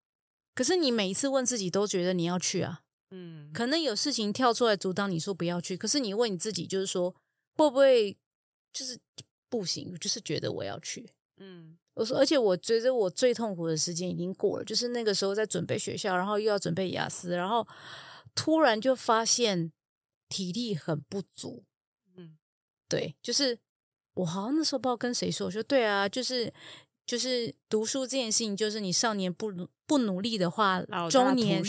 可是你每一次問自己，都覺得你要去啊，嗯。可能有事情跳出來阻擋你說不要去，可是你問你自己，就是說會不會就是不行？就是覺得我要去，嗯。我說，而且我覺得我最痛苦的時間已經過了，就是那個時候在準備學校，然後又要準備雅思，然後突然就發現體力很不足。嗯，對，就是我好像那時候不知道跟誰說，我說對啊，就是就是讀書這件事情，就是你少年不不努力的話，中年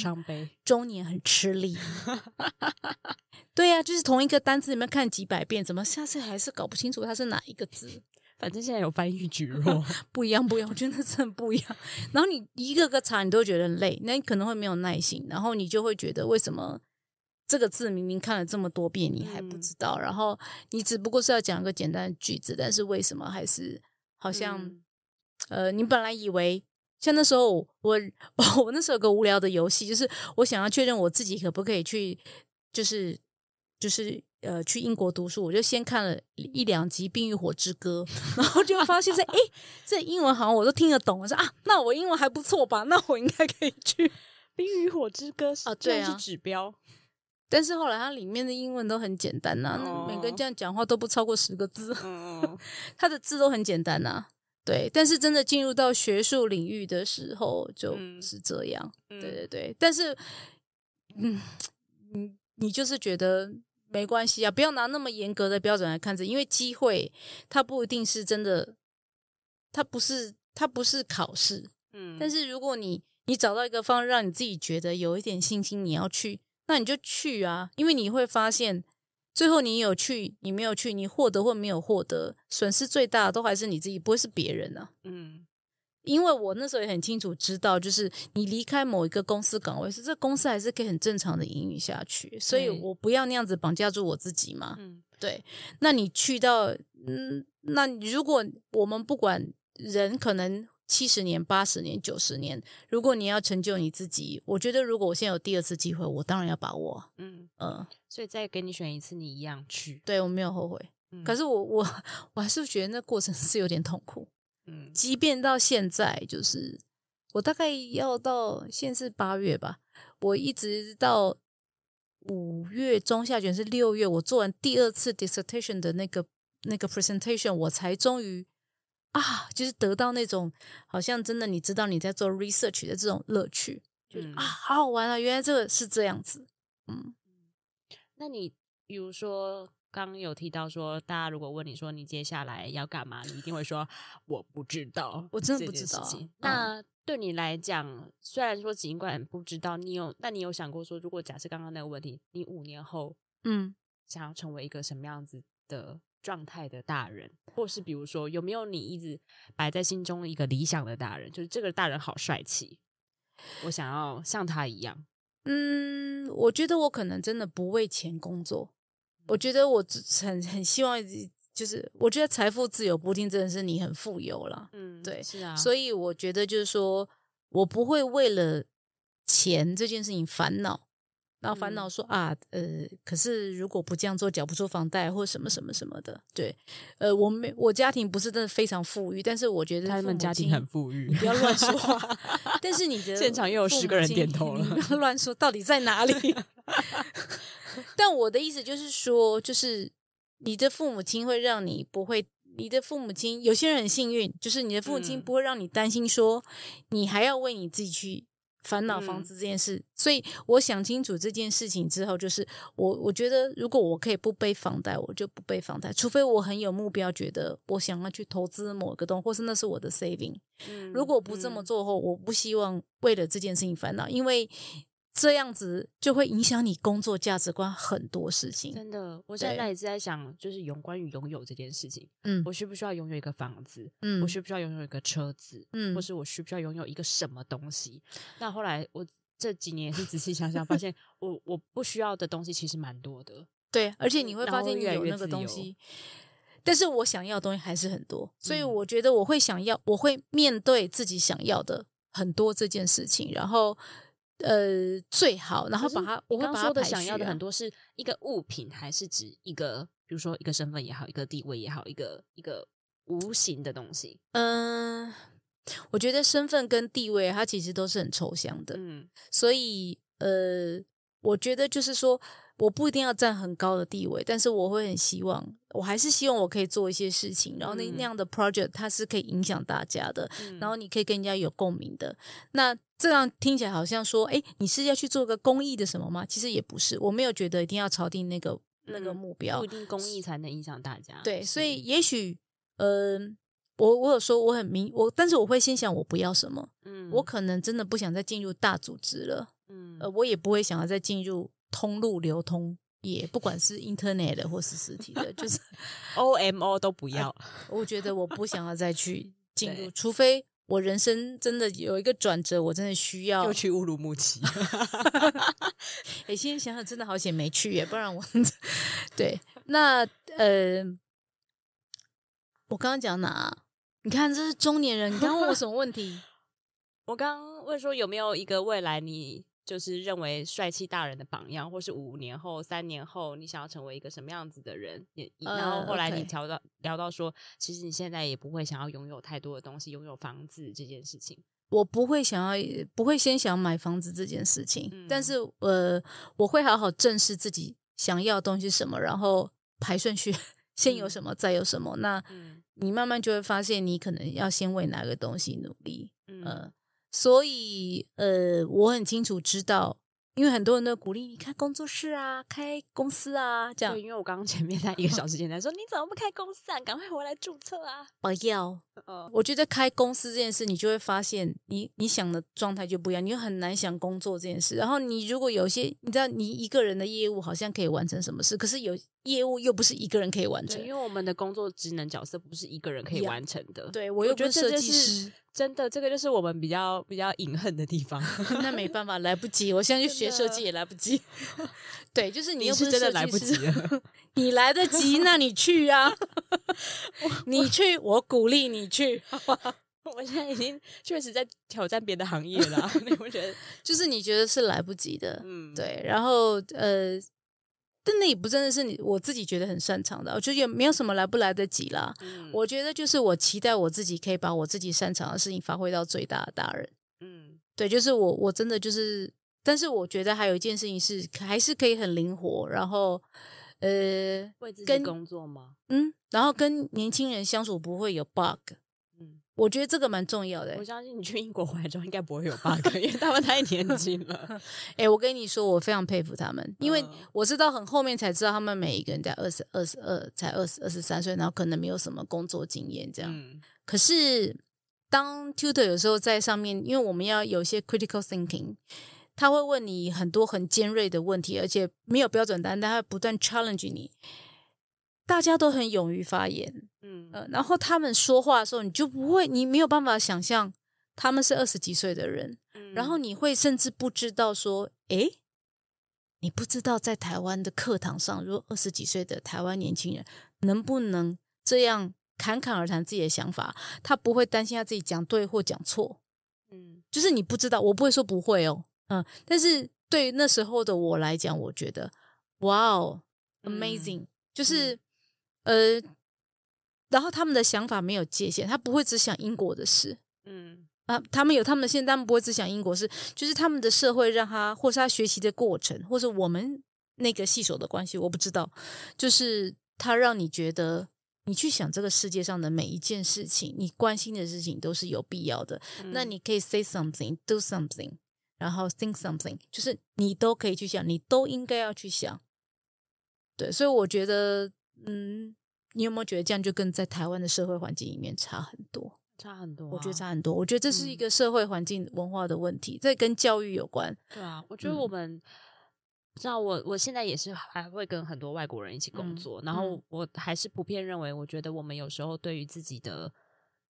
中年很吃力。 對啊，就是同一個單詞裡面看幾百遍，怎麼下次還是搞不清楚它是哪一個字？反正現在有翻譯蒟蒻，不一樣，不一樣，我覺得真的真不一樣。 然後你一個個查，你都覺得累，那你可能會沒有耐心，然後你就會覺得為什麼這個字明明看了這麼多遍，你還不知道？嗯、然後你只不過是要講一個簡單的句子，但是為什麼還是好像？嗯、呃，你本來以為像那時候我我那時候有個無聊的遊戲，就是我想要確認我自己可不可以去、就是，就是就是。呃，去英國讀書，我就先看了一兩集《冰與火之歌》，然後就發現這哎、 欸，這英文好像我都聽得懂。我說啊，那我英文還不錯吧？那我應該可以去。《冰與火之歌》是啊，對啊，指標，但是後來它裡面的英文都很簡單吶、啊，oh. 每個人這樣講話都不超過十個字，他 它的字都很簡單吶、啊。對，但是真的進入到學術領域的時候，就是這樣。嗯、對對對，但是，嗯，你你就是覺得。沒關係啊，不要拿那麼嚴格的標準來看着，因為機會它不一定是真的，它不是，它不是考試，嗯。但是如果你你找到一個方式讓你自己覺得有一點信心，你要去，那你就去啊，因為你會發現最後你有去，你沒有去，你獲得或沒有獲得，損失最大的都還是你自己，不會是別人呢、啊，嗯。因為我那時候也很清楚知道，就是你離開某一個公司崗位，是這公司還是可以很正常的營運下去，所以我不要那樣子綁架住我自己嘛。對，對。那你去到，嗯，那如果我們不管人，可能七十年、八十年、九十年，如果你要成就你自己，我覺得如果我現在有第二次機會，我當然要把握。嗯嗯，呃、所以再給你選一次，你一樣去。對，我沒有後悔。嗯、可是我我我還是覺得那過程是有點痛苦。即便到現在，就是我大概要到現在是八月吧，我一直到五月中下旬是六月，我做完第二次 dissertation 的那個那個 presentation，我才終於啊，就是得到那種好像真的你知道你在做 research 的這種樂趣，就是啊，好好玩啊，原來這個是這樣子，嗯，那你比如說。剛有提到說，大家如果問你說你接下來要幹嘛，你一定會說我不知道，我真的不知道。嗯、那對你來講，雖然說儘管不知道，你有，但你有想過說，如果假設剛剛那個問題，你五年後，嗯，想要成為一個什麼樣子的狀態的大人，嗯、或是比如說有沒有你一直擺在心中一個理想的大人，就是這個大人好帥氣，我想要像他一樣。嗯，我覺得我可能真的不為錢工作。我覺得我很很希望，就是我覺得財富自由不一定真的是你很富有啦，嗯，對，是啊，所以我覺得就是說，我不會為了錢這件事情煩惱。然後煩惱說啊，呃，可是如果不這樣做，繳不出房貸或什麼什麼什麼的，對，呃，我沒，我家庭不是真的非常富裕，但是我覺得他們家庭很富裕，你不要亂說話。 但是你覺得現場又有十個人點頭了，不要亂說，到底在哪裡？ 但我的意思就是說，就是你的父母親會讓你不會，你的父母親有些人很幸運，就是你的父母親不會讓你擔心說，說、嗯、你還要為你自己去。煩惱房子這件事，嗯、所以我想清楚這件事情之後，就是我我覺得如果我可以不背房貸，我就不背房貸，除非我很有目標，覺得我想要去投資某個東西，或是那是我的 saving。嗯、如果不這麼做後，嗯、我不希望為了這件事情煩惱，因為。這樣子就會影響你工作價值觀很多事情。真的，我現在一直在想，對就是有關於擁有這件事情。嗯，我需不需要擁有一個房子？嗯，我需不需要擁有一個車子？嗯，或是我需不需要擁有一個什麼東西？嗯，那後來我這幾年也是仔細想想，發現我 我不需要的東西其實蠻多的。對，而且你會發現你有那個東西，越越但是我想要的東西還是很多。所以我覺得我會想要，我會面對自己想要的很多這件事情，然後。呃，最好，然後把它，我剛剛說的會把他、啊、想要的很多是一個物品，還是指一個，比如說一個身份也好，一個地位也好，一個一個無形的東西。嗯、呃，我覺得身份跟地位它其實都是很抽象的。嗯，所以呃，我覺得就是說，我不一定要占很高的地位，但是我會很希望，我還是希望我可以做一些事情，然後那那樣的 project 它是可以影響大家的，嗯、然後你可以跟人家有共鳴的那。這樣聽起來好像說，哎，你是要去做個公益的什麼嗎？其實也不是，我沒有覺得一定要朝定那個、嗯、那個目標，不一定公益才能影響大家。對，是所以也許，嗯、呃，我我有說我很明，我但是我會先想，我不要什麼，嗯，我可能真的不想再進入大組織了，嗯，呃，我也不會想要再進入通路流通、嗯、也不管是 Internet 或是實體的， 就是 OMO 都不要、呃。我覺得我不想要再去進入，對除非。我人生真的有一個轉折，我真的需要又去烏魯木齊。哎、 欸，現在想想真的好險沒去耶，不然我 對，那呃，我剛剛講哪？你看這是中年人，你剛問我什麼問題？ 我剛剛問說有沒有一個未來你，就是認為帥氣大人的榜樣，或是五年後、三年後你想要成為一個什麼樣子的人？然後後來你聊到、呃 okay、聊到說，其實你現在也不會想要擁有太多的東西，擁有房子這件事情。我不會想要，不會先想要買房子這件事情。嗯、但是，呃，我會好好正視自己想要的東西什麼，然後排順序，先有什麼，嗯、再有什麼。那，你慢慢就會發現，你可能要先為哪個東西努力，呃、嗯。所以，呃，我很清楚知道，因為很多人都鼓勵你開工作室啊，開公司啊，這樣。對，因為我剛剛前面在一個小時前來說， 你怎麼不開公司啊？趕快回來註冊啊！不要，uh oh. 我覺得開公司這件事，你就會發現你，你你想的狀態就不一樣，你就很難想工作這件事。然後，你如果有些，你知道，你一個人的業務好像可以完成什麼事，可是有。業務又不是一個人可以完成，因為我們的工作職能角色不是一個人可以完成的。對，我又不是設計師，我覺得，真的這個就是我們比較比較隱恨的地方。 那沒辦法，來不及，我現在去學設計也來不及。的對，就是，你，又不是你是真的來不及了，你來得及，那你去啊， 我你去，我鼓勵你去。我現在已經確實在挑戰別的行業了，啊。你 覺得？就是你覺得是來不及的，嗯，對，然後呃。但那也不真的是你我自己覺得很擅長的，我覺得也沒有什麼來不來得及啦。嗯，我覺得就是我期待我自己可以把我自己擅長的事情發揮到最大的大人。嗯，對，就是我我真的就是，但是我覺得還有一件事情是還是可以很靈活，然後呃，會跟工作嗎？嗯，然後跟年輕人相處不會有 bug。我覺得這個蠻重要的、欸。我相信你去英國化妝應該不會有 bug， 因為他們太年輕了。哎、 欸，我跟你說，我非常佩服他們，因為我是到很後面才知道他們每一個人在二十二、十二才二十二、十三歲，然後可能沒有什麼工作經驗這樣。嗯、可是當 tutor 有時候在上面，因為我們要有一些 critical thinking，他會問你很多很尖銳的問題，而且沒有標準答案，但他會不斷 challenge 你，大家都很勇於發言。呃，然後他們說話的時候，你就不會，你沒有辦法想象他們是二十幾歲的人，嗯，然後你會甚至不知道說，哎，你不知道在台灣的課堂上，如果二十幾歲的台灣年輕人能不能這樣侃侃而談自己的想法，他不會擔心他自己講對或講錯，嗯，就是你不知道，我不會說不會哦，嗯，呃，但是對於那時候的我來講，我覺得，哇哦，嗯，amazing，就是，嗯，呃。然後他們的想法沒有界限，他不會只想英國的事。嗯啊，他們有他們的線，但不會只想英國事。就是他們的社會讓他，或是他學習的過程，或是我們那個細手的關係，我不知道。就是他讓你覺得，你去想這個世界上的每一件事情，你關心的事情都是有必要的。嗯、那你可以 say something, do something，然後 think something，就是你都可以去想，你都應該要去想。對，所以我覺得，嗯。你有沒有覺得這樣就跟在台灣的社會環境裡面差很多？差很多，啊，我覺得差很多。我覺得這是一個社會環境文化的問題，這、嗯、跟教育有關。對啊，我覺得我們，嗯、知道我我現在也是還會跟很多外國人一起工作，嗯嗯、然後我還是普遍認為，我覺得我們有時候對於自己的，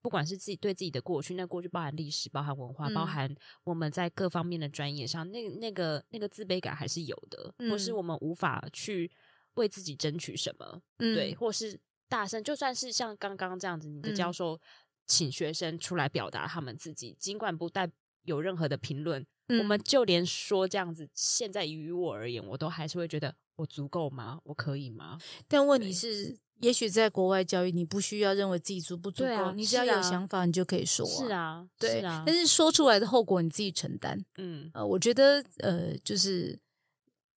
不管是自己對自己的過去，那過去包含歷史、包含文化、嗯、包含我們在各方面的專業上，那那個那個自卑感還是有的，嗯、或是我們無法去為自己爭取什麼，嗯、對，或是。大聲，就算是像剛剛這樣子，你的教授請學生出來表達他們自己，嗯、盡管不帶有任何的評論，嗯、我們就連說這樣子。現在於我而言，我都還是會覺得我足夠嗎？我可以嗎？但問題是，對也許在國外教育，你不需要認為自己足不足夠，啊、你只要有想法，啊、你就可以說、啊。是啊，對啊。但是說出來的後果，你自己承擔。嗯，呃，我覺得，呃，就是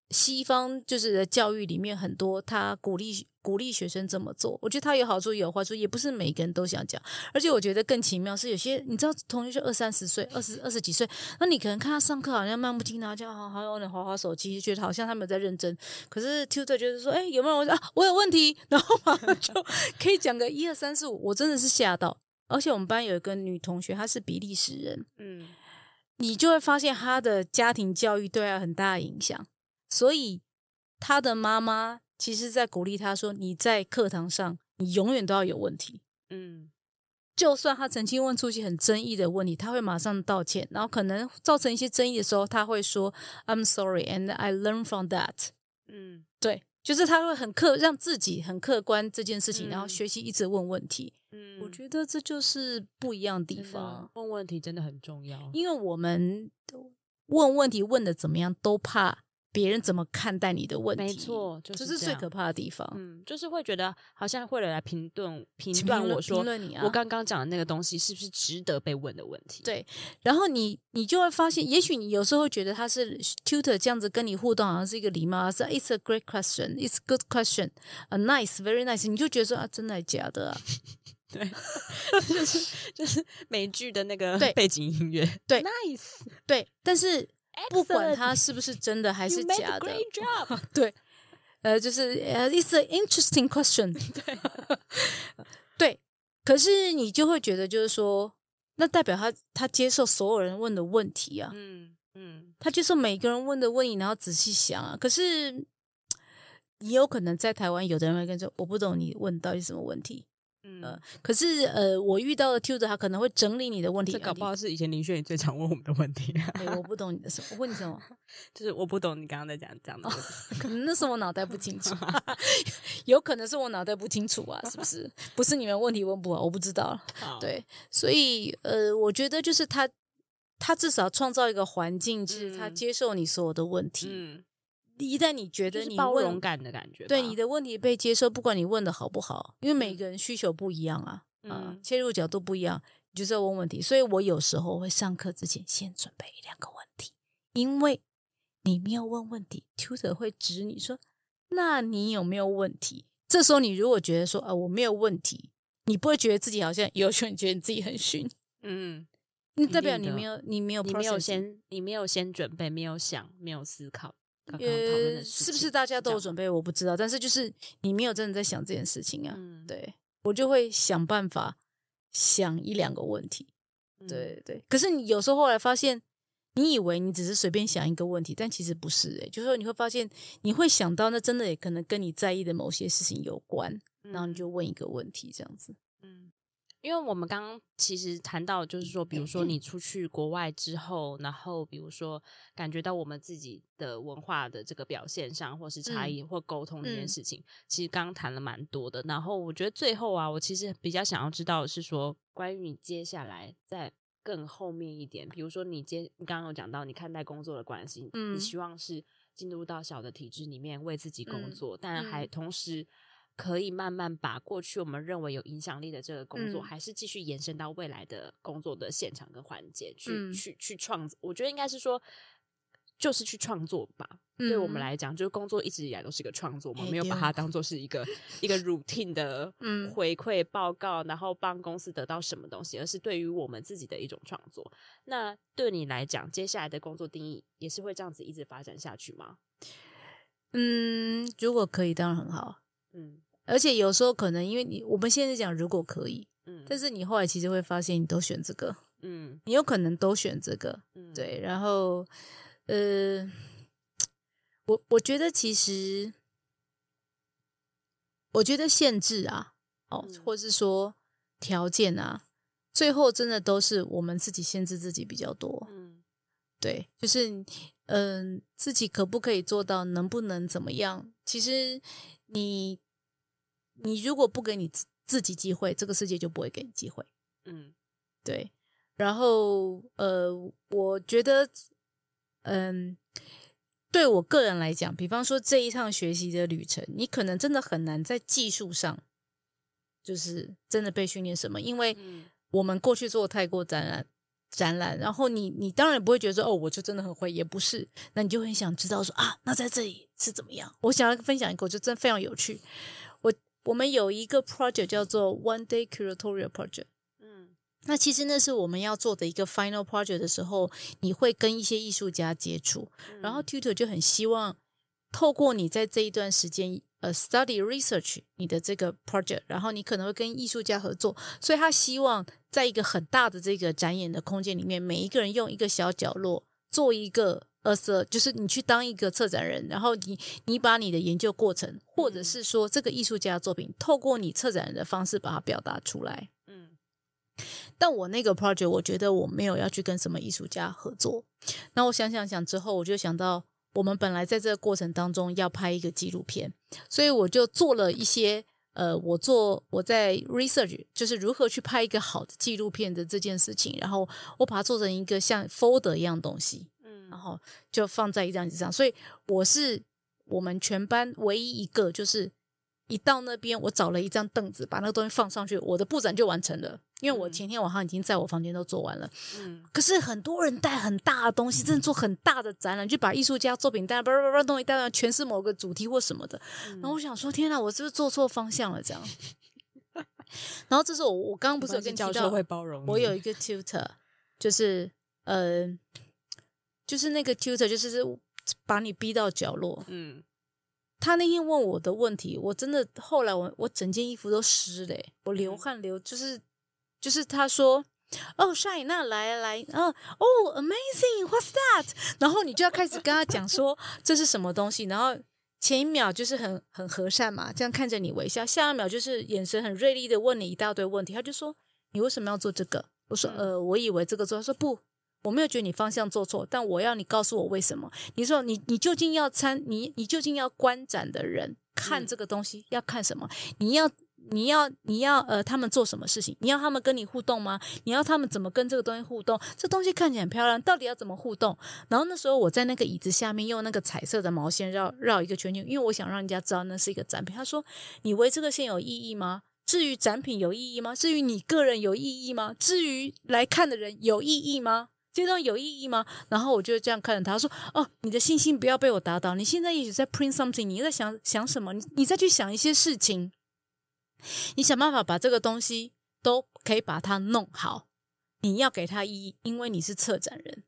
西方就是的教育裡面很多，他鼓勵。鼓勵學生這麼做，我覺得他有好處也有壞處，也不是每個人都想講。而且我覺得更奇妙是，有些你知道，同學就二三十歲、二十二十幾歲，那你可能看他上課好像漫不經心就好好在滑滑手機，就覺得好像他們在認真。可是 tutor 覺得說，哎、欸，有沒有我、啊？我有問題，然後馬上就可以講個一二三四五。我真的是嚇到。而且我們班有一個女同學，她是比利時人，嗯，你就會發現她的家庭教育對她很大的影響，所以她的媽媽。其實，在鼓勵他說：“你在課堂上，你永遠都要有問題。”嗯，就算他曾經問出去很爭議的問題，他會馬上道歉，然後可能造成一些爭議的時候，他會說：“I'm sorry, and I learn from that。”嗯，對，就是他會很客，讓自己很客觀這件事情，嗯、然後學習一直問問題。嗯，我覺得這就是不一樣的地方。問問題真的很重要，因為我們問問題問得怎麼樣，都怕。別人怎麼看待你的問題？沒錯，就是、這就是最可怕的地方。嗯，就是會覺得好像會有人來評論、評論，評論我說、啊、我剛剛講的那個東西是不是值得被問的問題？對，然後你你就會發現，也許你有時候會覺得他是 Tutor 這樣子跟你互動，好像是一個禮貌啊，是 It's a great question, it's a good question, a、啊、nice, very nice。你就覺得說啊，真的還假的、啊？對， 就是就是美劇的那個背景音樂，對，對，nice，對，但是。不管他是不是真的還是假的，對，呃，就是呃，It's an interesting question， 對， 對，可是你就會覺得，就是說，那代表他他接受所有人問的問題啊，嗯嗯，嗯他接受每個人問的問題，然後仔細想啊，可是也有可能在台灣，有的人會跟你說，我不懂你問到底什麼問題。嗯、呃，可是呃，我遇到的 Tutor 他可能會整理你的問題，這搞不好是以前林軒也最常問我們的問題的。對、欸，我不懂你的什麼，問什麼？ 就是我不懂你剛剛在講講的。哦，可能那是我腦袋不清楚， 有可能是我腦袋不清楚啊，是不是？不是你們問題問不好，我不知道好對，所以呃，我覺得就是他，他至少創造一個環境，就是他接受你所有的問題。嗯嗯一旦你覺得你問，包容感的感覺，對你的問題被接受，不管你問的好不好，因為每個人需求不一樣啊，嗯，切入角度不一樣，你就是要問問題。所以我有時候會上課之前先準備一兩個問題，因為你沒有問問題，Tutor 會指你說，那你有沒有問題？這時候你如果覺得說啊，我沒有問題，你不會覺得自己好像優秀，你覺得你自己很遜？嗯，那代表你沒有，你沒有，你沒有先，你沒有先準備，沒有想，沒有思考。剛剛是，呃、是不是大家都有準備？我不知道，但是就是你沒有真的在想這件事情啊。嗯、對我就會想辦法想一兩個問題。對、嗯、對，對可是你有時候後來發現，你以為你只是隨便想一個問題，但其實不是、欸、就是說你會發現，你會想到那真的也可能跟你在意的某些事情有關，嗯、然後你就問一個問題這樣子。嗯。因為我們剛剛其實談到，就是說，比如說你出去國外之後，嗯、然後比如說感覺到我們自己的文化的這個表現上，或是差異或溝通這件事情，嗯、其實剛剛談了蠻多的。嗯、然後我覺得最後啊，我其實比較想要知道的是說，關於你接下來在更後面一點，比如說你接你剛剛有講到你看待工作的關係，嗯，你希望是進入到小的體制裡面為自己工作，嗯、但還同時。嗯可以慢慢把過去我們認為有影響力的這個工作，嗯、還是繼續延伸到未來的工作的現場跟環節、嗯、去去去創。我覺得應該是說，就是去創作吧。嗯、對我們來講，就是工作一直以來都是一個創作嘛，沒有把它當做是一個、欸、一個 routine 的回饋報告，然後幫公司得到什麼東西，嗯、而是對於我們自己的一種創作。那對你來講，接下來的工作定義也是會這樣子一直發展下去嗎？嗯，如果可以，當然很好。嗯。而且有時候可能因為你，我們現在講如果可以，嗯，但是你後來其實會發現你都選這個，嗯，你有可能都選這個，嗯，對。然後，呃，我我覺得其實，我覺得限制啊，哦，嗯、或是說條件啊，最後真的都是我們自己限制自己比較多，嗯，對，就是嗯、呃，自己可不可以做到，能不能怎麼樣？其實你。嗯你如果不給你自己機會，這個世界就不會給你機會。嗯，對。然後，呃，我覺得，嗯，對我個人來講，比方說這一趟學習的旅程，你可能真的很難在技術上，就是真的被訓練什麼，因為我們過去做太過展覽，展覽。然後你，你當然不會覺得說，哦，我就真的很會，也不是。那你就很想知道說，啊，那在這裡是怎麼樣？我想要分享一個，我就真的非常有趣。我們有一個 project 叫做 One Day Curatorial Project。嗯，那其實那是我們要做的一個 final project 的時候，你會跟一些藝術家接觸，然後 tutor 就很希望透過你在這一段時間呃 study research 你的這個 project，然後你可能會跟藝術家合作，所以他希望在一個很大的這個展演的空間裡面，每一個人用一個小角落做一個。二是，就是你去當一個策展人，然後你你把你的研究過程，或者是說這個藝術家的作品，透過你策展人的方式把它表達出來。嗯，但我那個 project，我覺得我沒有要去跟什麼藝術家合作。那我想想想之後，我就想到我們本來在這個過程當中要拍一個紀錄片，所以我就做了一些，呃，我做我在 research，就是如何去拍一個好的紀錄片的這件事情，然後我把它做成一個像 folder 一樣東西。然後就放在一張椅子上，所以我是我們全班唯一一個，就是一到那邊，我找了一張凳子，把那個東西放上去，我的布展就完成了。因為我前天晚上已經在我房間都做完了。嗯、可是很多人帶很大的東西，嗯、真的做很大的展覽，就把藝術家作品帶，把、嗯、帶來，全是某個主題或什麼的。嗯、然後我想說，天哪，我是不是做錯方向了？這樣。 然後這是我，我剛剛不是有跟你講說，我有一個 tutor，就是嗯……呃就是那個 tutor 就是把你逼到角落，嗯，他那天問我的問題，我真的後來我我整件衣服都濕了、欸。我流汗流，就是就是他說，哦、oh, Shine，那來來，哦，哦、oh,，amazing，what's that？ 然後你就要開始跟他講說這是什麼東西， 然後前一秒就是很很和善嘛，這樣看着你微笑，下一秒就是眼神很銳利的問你一大堆問題，他就說你為什麼要做這個？我說、嗯、呃，我以為這個做，他說不。我沒有覺得你方向做錯，但我要你告訴我為什麼。你說你你究竟要參你你究竟要觀展的人看這個東西、嗯、要看什麼？你要你要你要呃他們做什麼事情？你要他們跟你互動嗎？你要他們怎麼跟這個東西互動？這東西看起來很漂亮，到底要怎麼互動？然後那時候我在那個椅子下面用那個彩色的毛線繞繞一個圈圈，因為我想讓人家知道那是一個展品。他說：“你圍這個線有意義嗎？至於展品有意義嗎？至於你個人有意義嗎？至於來看的人有意義嗎？”這種有意義嗎？然後我就這樣看着他說：“哦，你的信心不要被我打倒。你現在一直在 print something，你在想想什麼？你你，再去想一些事情，你想辦法把這個東西都可以把它弄好。你要給它意義，因為你是策展人，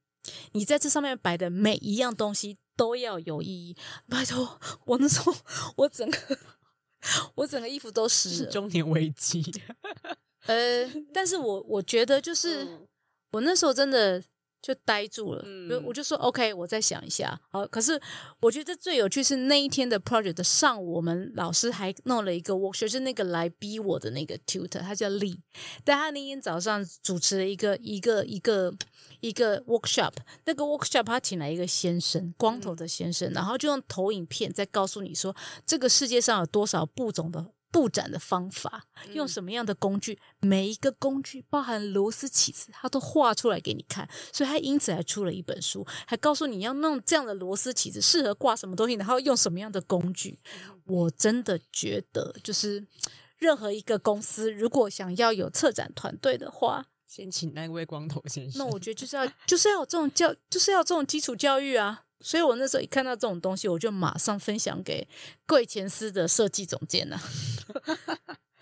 你在這上面擺的每一樣東西都要有意義。拜託，我那時候，我整個我整個衣服都濕了，是中年危機。 呃，但是我我覺得就是、嗯、我那時候真的。”就呆住了，我、嗯、我就說 OK，我再想一下。好，可是我覺得最有趣是那一天的 project。上午我們老師還弄了一個，我學生那個來逼我的那個 tutor，他叫 Lee，但他那天早上主持了一個一個一個一個 workshop。那個 workshop 他請來一個先生，光頭的先生，嗯、然後就用投影片在告訴你說，這個世界上有多少部種的。布展的方法，用什麼樣的工具？嗯、每一個工具包含螺絲起子，他都畫出來給你看。所以，他因此還出了一本書，還告訴你要弄這樣的螺絲起子適合掛什麼東西，然後用什麼樣的工具。嗯、我真的覺得，就是任何一個公司如果想要有策展團隊的話，先請那位光頭先生。那我覺得就是要，就是要有這種教，就是要有這種基礎教育啊。所以，我那時候一看到這種東西，我就馬上分享給貴前司的設計總監吶。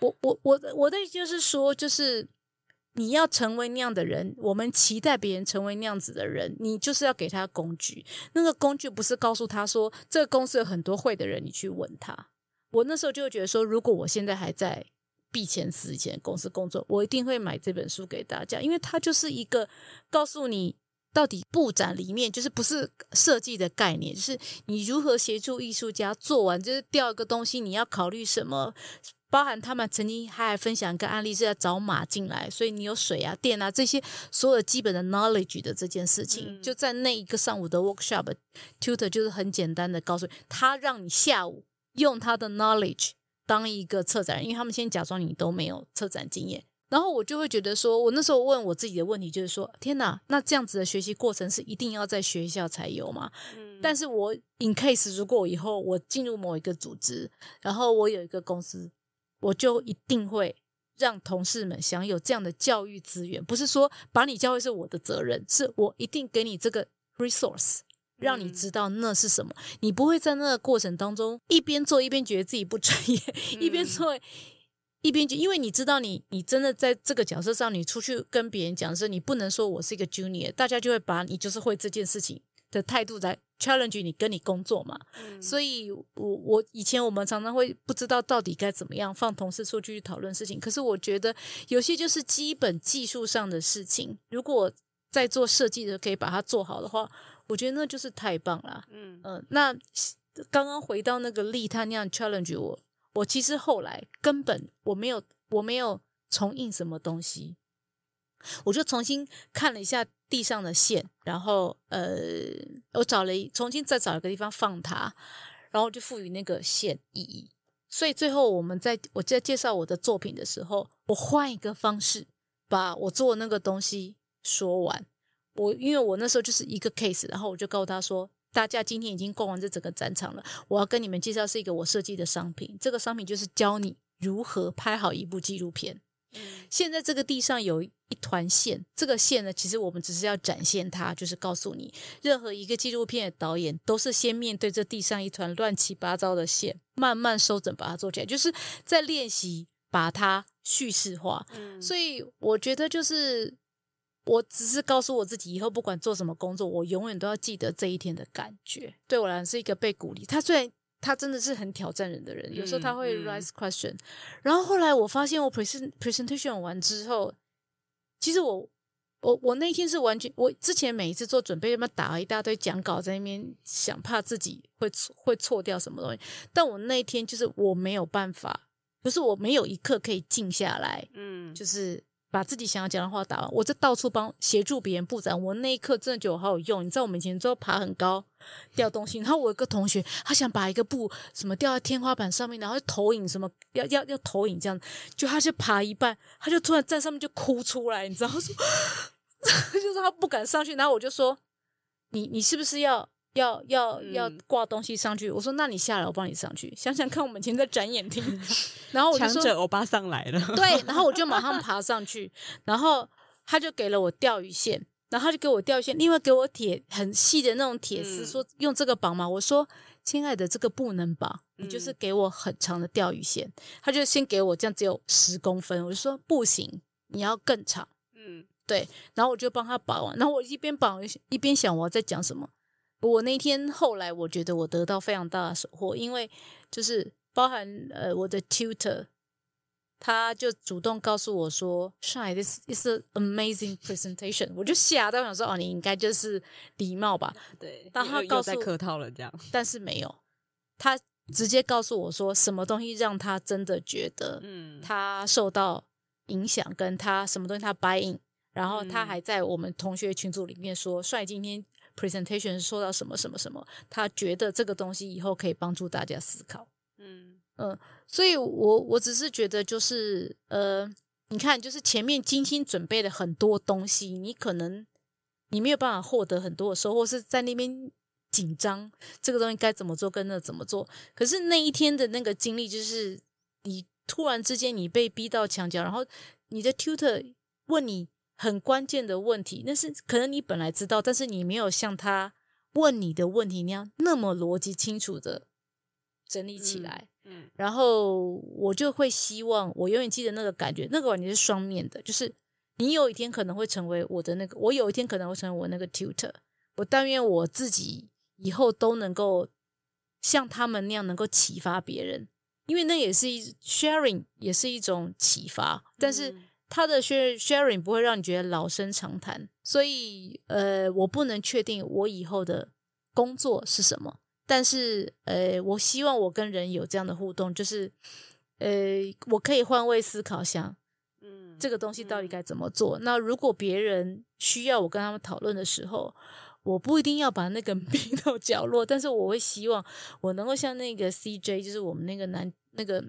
我、 我、我、我的意思就是說，就是你要成為那樣的人，我們期待別人成為那樣子的人，你就是要給他工具。那個工具不是告訴他說，這個公司有很多會的人，你去問他。我那時候就會覺得說，如果我現在還在敝前司以前公司工作，我一定會買這本書給大家，因為它就是一個告訴你。到底布展裡面就是不是設計的概念，就是你如何協助藝術家做完，就是吊一個東西，你要考慮什麼？包含他們曾經還分享一個案例是要找馬進來，所以你有水啊、電啊這些所有基本的 knowledge 的這件事情，嗯、就在那一個上午的 workshop tutor 就是很簡單的告訴你，他，讓你下午用他的 knowledge 當一個策展人，因為他們先假裝你都沒有策展經驗。然後我就會覺得說，我那時候問我自己的問題就是說，天哪，那這樣子的學習過程是一定要在學校才有嗎？嗯，但是我 in case 如果以後我進入某一個組織，然後我有一個公司，我就一定會讓同事們享有這樣的教育資源，不是說把你教會是我的責任，是我一定給你這個 resource，讓你知道那是什麼，嗯，你不會在那個過程當中一邊做一邊覺得自己不專業，嗯，一邊做。一邊就，因為你知道你，你你真的在這個角色上，你出去跟別人講說，你不能說我是一個 junior，大家就會把你就是會這件事情的態度來 challenge 你，跟你工作嘛。嗯。所以我，我我以前我們常常會不知道到底該怎麼樣放同事出去討論事情。可是，我覺得有些就是基本技術上的事情，如果在做設計的可以把它做好的話，我覺得那就是太棒了。嗯嗯。呃，那剛剛回到那個利他那樣 challenge 我。我其實後來根本我沒有我沒有重印什麼東西，我就重新看了一下地上的線，然後呃，我找了一重新再找一個地方放它，然後就賦予那個線意義。所以最後我們在我在介紹我的作品的時候，我換一個方式把我做那個東西說完。我因為我那時候就是一個 case，然後我就告訴他說。大家今天已經逛完這整個展場了。我要跟你們介紹是一個我設計的商品，這個商品就是教你如何拍好一部紀錄片。現在這個地上有一團線，這個線呢，其實我們只是要展現它，就是告訴你，任何一個紀錄片的導演都是先面對這地上一團亂七八糟的線，慢慢收整，把它做起來，就是在練習把它敘事化。嗯、所以我覺得就是。我只是告訴我自己，以後不管做什麼工作，我永遠都要記得這一天的感覺。對我來說是一個被鼓勵。他雖然他真的是很挑戰人的人，有時候他會 raise question。嗯嗯、然後後來我發現，我 presentation 完之後，其實我我我那一天是完全我之前每一次做準備，要麼打了一大堆講稿在那邊，想怕自己會會錯掉什麼東西。但我那一天就是我沒有辦法，就是我沒有一刻可以靜下來。嗯，就是。把自己想要講的話打完，我在到處幫協助別人布展。我那一刻真的覺得我好有用，你知道我們以前都要爬很高，吊東西。然後我有個同學，他想把一個布什麼吊在天花板上面，然後就投影什麼，要要要投影這樣，就他就爬一半，他就突然站上面就哭出來，你知道嗎？他就是他不敢上去。然後我就說，你你是不是要？要要要掛東西上去，我說，那你下來，我幫你上去。想想看，我們前在展演廳，然後我就說，強者歐巴上來了，對，然後我就馬上爬上去， 然後他就給了我釣魚線，然後他就給我釣魚線，另外給我鐵很細的那種鐵絲，嗯、說用這個綁嘛。我說親愛的，這個不能綁，你就是給我很長的釣魚線。嗯、他就先給我這樣只有十公分，我就說不行，你要更長，嗯，對。然後我就幫他綁，然後我一邊綁一邊想我在講什麼。我那天後來，我覺得我得到非常大的收穫，因為就是包含呃我的 tutor，他就主動告訴我說：“Shine this,，this is a amazing presentation。”我就嚇到，我想說哦，你應該就是禮貌吧？對。當他告訴在客套了這樣，但是沒有，他直接告訴我說什麼東西讓他真的覺得嗯，他受到影響，跟他什麼東西他 buy in，然後他還在我們同學群組裡面說：“Shine、嗯、今天。” presentation 說到什麼什麼什麼，他覺得這個東西以後可以幫助大家思考。嗯嗯，呃，所以我我只是覺得就是呃，你看，就是前面精心準備了很多東西，你可能你沒有辦法獲得很多的收穫，是在那邊緊張這個東西該怎麼做，跟那怎麼做。可是那一天的那個經歷，就是你突然之間你被逼到牆角，然後你的 tutor 問你很關鍵的問題，那是可能你本來知道，但是你沒有像他問你的問題那樣那麼邏輯清楚的整理起來。嗯，嗯，然後我就會希望，我永遠記得那個感覺。那個感覺是雙面的，就是你有一天可能會成為我的那個，我有一天可能會成為我那個 tutor。我但願我自己以後都能夠像他們那樣能夠啟發別人，因為那也是一 sharing，也是一種啟發，但是。嗯他的 share sharing 不會讓你覺得老生常談，所以呃，我不能確定我以後的工作是什麼，但是呃，我希望我跟人有這樣的互動，就是呃，我可以換位思考，想嗯，這個東西到底該怎麼做。那如果別人需要我跟他們討論的時候，我不一定要把那個逼到角落，但是我會希望我能夠像那個 CJ，就是我們那個男那個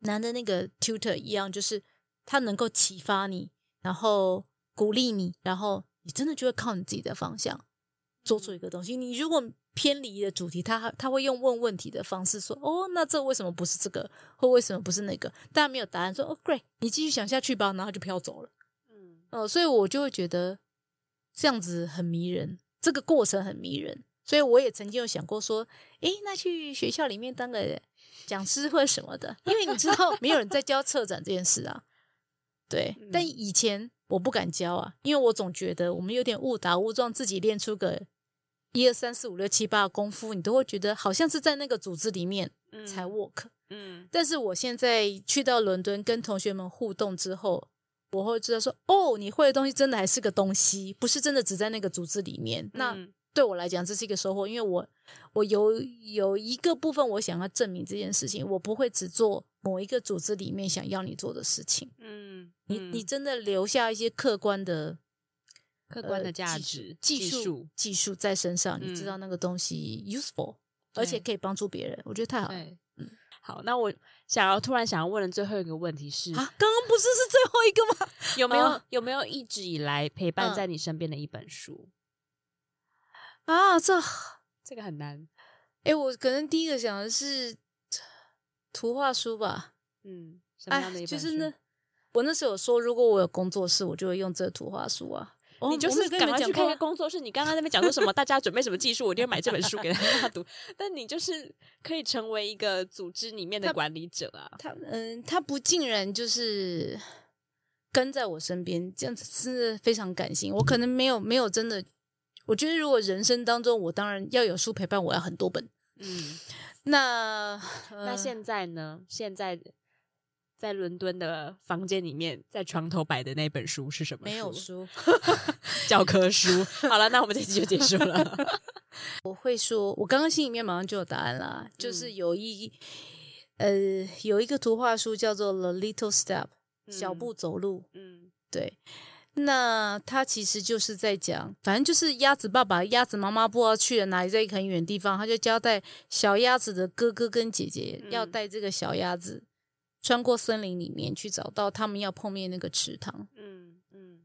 男的那個 tutor 一樣，就是。他能夠啟發你，然後鼓勵你，然後你真的就會靠你自己的方向做出一個東西。你如果偏離的主題，他他會用問問題的方式說：“哦，那這為什麼不是這個，或為什麼不是那個？”但沒有答案，說：“哦，Great，你繼續想下去吧。”然後就飄走了。嗯，哦、呃，所以我就會覺得這樣子很迷人，這個過程很迷人。所以我也曾經有想過說：“誒，那去學校裡面當個講師或者什麼的， 因為你知道沒有人在教策展這件事啊。”對，但以前我不敢教啊，因為我總覺得我們有點誤打誤撞，自己練出個一二三四五六七八的功夫，你都會覺得好像是在那個組織裡面才 work。嗯，嗯，但是我現在去到倫敦跟同學們互動之後，我會知道說，哦，你會的東西真的還是個東西，不是真的只在那個組織裡面。那。嗯對我來講，這是一個收穫，因為我我有有一個部分，我想要證明這件事情，我不會只做某一個組織裡面想要你做的事情。嗯，嗯，你你真的留下一些客觀的、客觀的價值、呃、技、技術、技術、技術在身上，嗯，你知道那個東西 useful，而且可以幫助別人，對我覺得太好了。對嗯，好，那我想要突然想要問的最後一個問題是啊，剛剛不是是最後一個嗎？ 有沒有、哦、有沒有一直以來陪伴在你身邊的一本書？嗯啊，這、啊、這個很難。哎、欸，我可能第一個想的是圖畫書吧。嗯，哎，就是呢，我那時候有說，如果我有工作室，我就會用這圖畫書啊。你就是趕快去看一下工作室，你剛剛那邊講說什麼？ 大家準備什麼技術？我就會要買這本書給大家讀。他 但你就是可以成為一個組織裡面的管理者啊。他嗯、呃，他不盡然就是跟在我身邊，這樣子是非常感性。我可能沒有沒有真的。我覺得，如果人生當中，我當然要有書陪伴，我要很多本。嗯，那、呃、那現在呢？現在在倫敦的房間裡面，在床頭擺的那本書是什麼？沒有書， 教科書。 好了，那我們這期就結束了。 我會說，我剛剛心裡面馬上就有答案了，就是有一、嗯、呃有一個圖畫書叫做《The Little Step》，嗯、小步走路。嗯，對。那他其實就是在講，反正就是鴨子爸爸、鴨子媽媽不知道去了哪裡，在一個很遠的地方，他就交代小鴨子的哥哥跟姐姐要帶這個小鴨子穿過森林裡面去找到他們要碰面那個池塘。嗯嗯。嗯，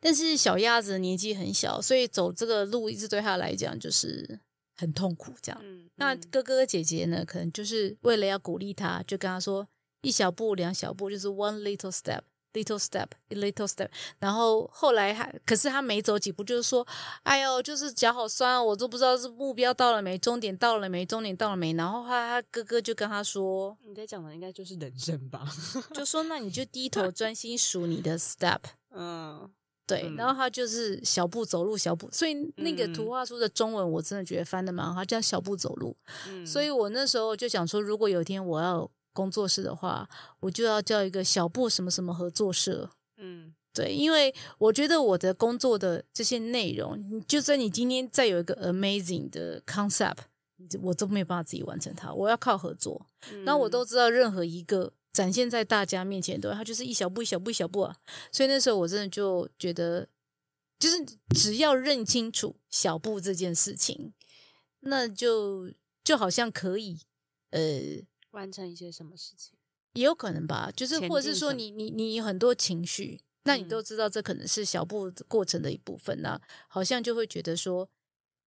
但是小鴨子年紀很小，所以走這個路一直對他來講就是很痛苦。這樣。嗯嗯、那哥哥姐姐呢，可能就是為了要鼓勵他，就跟他說：一小步、兩小步，就是 one little step。little step, little step，然後後來還，可是他沒走幾步，就是說，哎呦，就是腳好酸啊，哦，我都不知道是目標到了沒，終點到了沒，終點到了沒，了沒，然後他他哥哥就跟他說，你在講的應該就是人生吧， 就說那你就低頭專心數你的 step、哦，對嗯，對，然後他就是小步走路，小步，所以那個圖畫書的中文我真的覺得翻得蠻好，他叫小步走路。嗯，所以我那時候就想說，如果有一天我要工作室的話，我就要叫一個小步什麼什麼合作社。嗯，對，因為我覺得我的工作的這些內容，就算你今天再有一個 amazing 的 concept，我都沒有辦法自己完成它，我要靠合作。那、嗯、我都知道，任何一個展現在大家面前的，它就是一小步、一小步、一小步啊。所以那時候我真的就覺得，就是只要認清楚小步這件事情，那就就好像可以呃。完成一些什麼事情也有可能吧，就是或者是說你你你有很多情緒，那你都知道這可能是小步的過程的一部分、啊，那、嗯、好像就會覺得說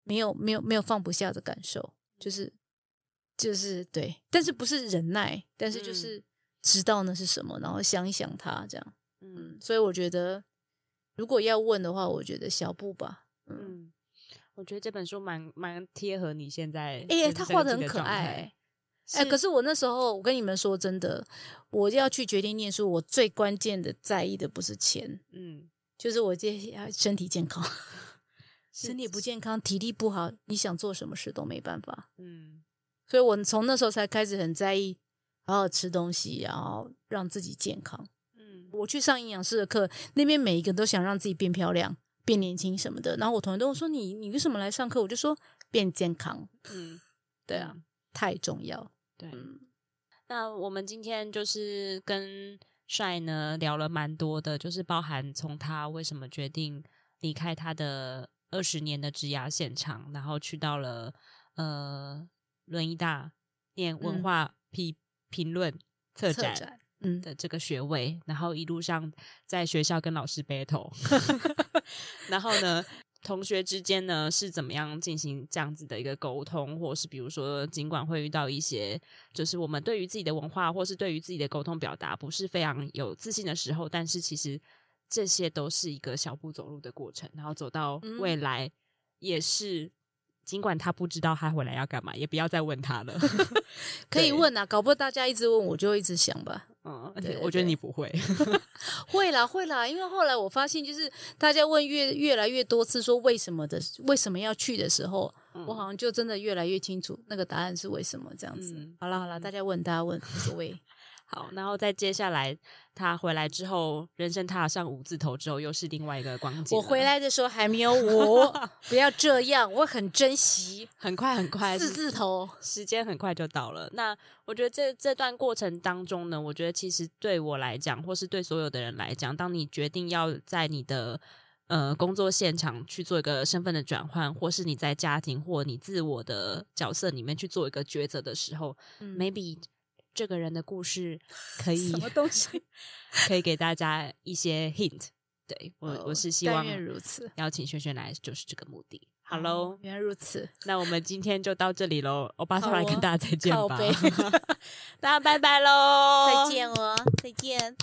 沒有沒有沒有放不下的感受，就是、嗯、就是對，但是不是忍耐，但是就是知道那是什麼，然後想一想他這樣，嗯，嗯，所以我覺得如果要問的話，我覺得小步吧，嗯，嗯我覺得這本書蠻蠻貼合你現在，哎、欸，他畫的很可愛、欸。哎是、欸，可是我那時候，我跟你們說真的，我要去決定念書，我最關鍵的在意的不是錢，嗯，就是我這、啊、身體健康，是身體不健康，體力不好，你想做什麼事都沒辦法，嗯，所以我從那時候才開始很在意，好好吃東西，然後讓自己健康，嗯，我去上營養師的課，那邊每一個都想讓自己變漂亮、變年輕什麼的，然後我同學都跟我說：“你你為什麼來上課？”我就說：“變健康。”嗯，對啊，太重要。嗯，對那我們今天就是跟 Shine 呢聊了蠻多的，就是包含從他為什麼決定離開他的二十年的職涯現場，然後去到了呃，輪一大念文化批評論策展嗯的這個學位，嗯嗯、然後一路上在學校跟老師 battle， 然後呢，同學之間呢，是怎麼樣進行這樣子的一個溝通，或是比如說，儘管會遇到一些，就是我們對於自己的文化，或是對於自己的溝通表達不是非常有自信的時候，但是其實這些都是一個小步走路的過程，然後走到未來、嗯、也是。儘管他不知道他回來要幹嘛，也不要再問他了， 可以問啊， 對搞不好大家一直問，我就一直想吧。嗯，對我覺得你不會， 會啦會啦，因為後來我發現，就是大家問越越來越多次說為什麼的，為什麼要去的時候，嗯、我好像就真的越來越清楚那個答案是為什麼這樣子。嗯、好啦，好啦，嗯、大家問大家問無所謂。 然後在接下來，他回來之後，人生踏上五字頭之後，又是另外一個光景。我回來的時候還沒有我 不要這樣，我很珍惜。很快很快，四字頭時間很快就到了。那我覺得這這段過程當中呢，我覺得其實對我來講，或是對所有的人來講，當你決定要在你的呃工作現場去做一個身份的轉換，或是你在家庭或你自我的角色裡面去做一個抉擇的時候，嗯，maybe。.這個人的故事可以什麼東西？ 可以給大家一些 hint。對、哦、我，我是希望。邀請軒軒來就是這個目的。好 e 原來如此。那我們今天就到這裡嘍，我馬上 來跟大家再見吧。北 大家拜拜嘍！再見哦，再見。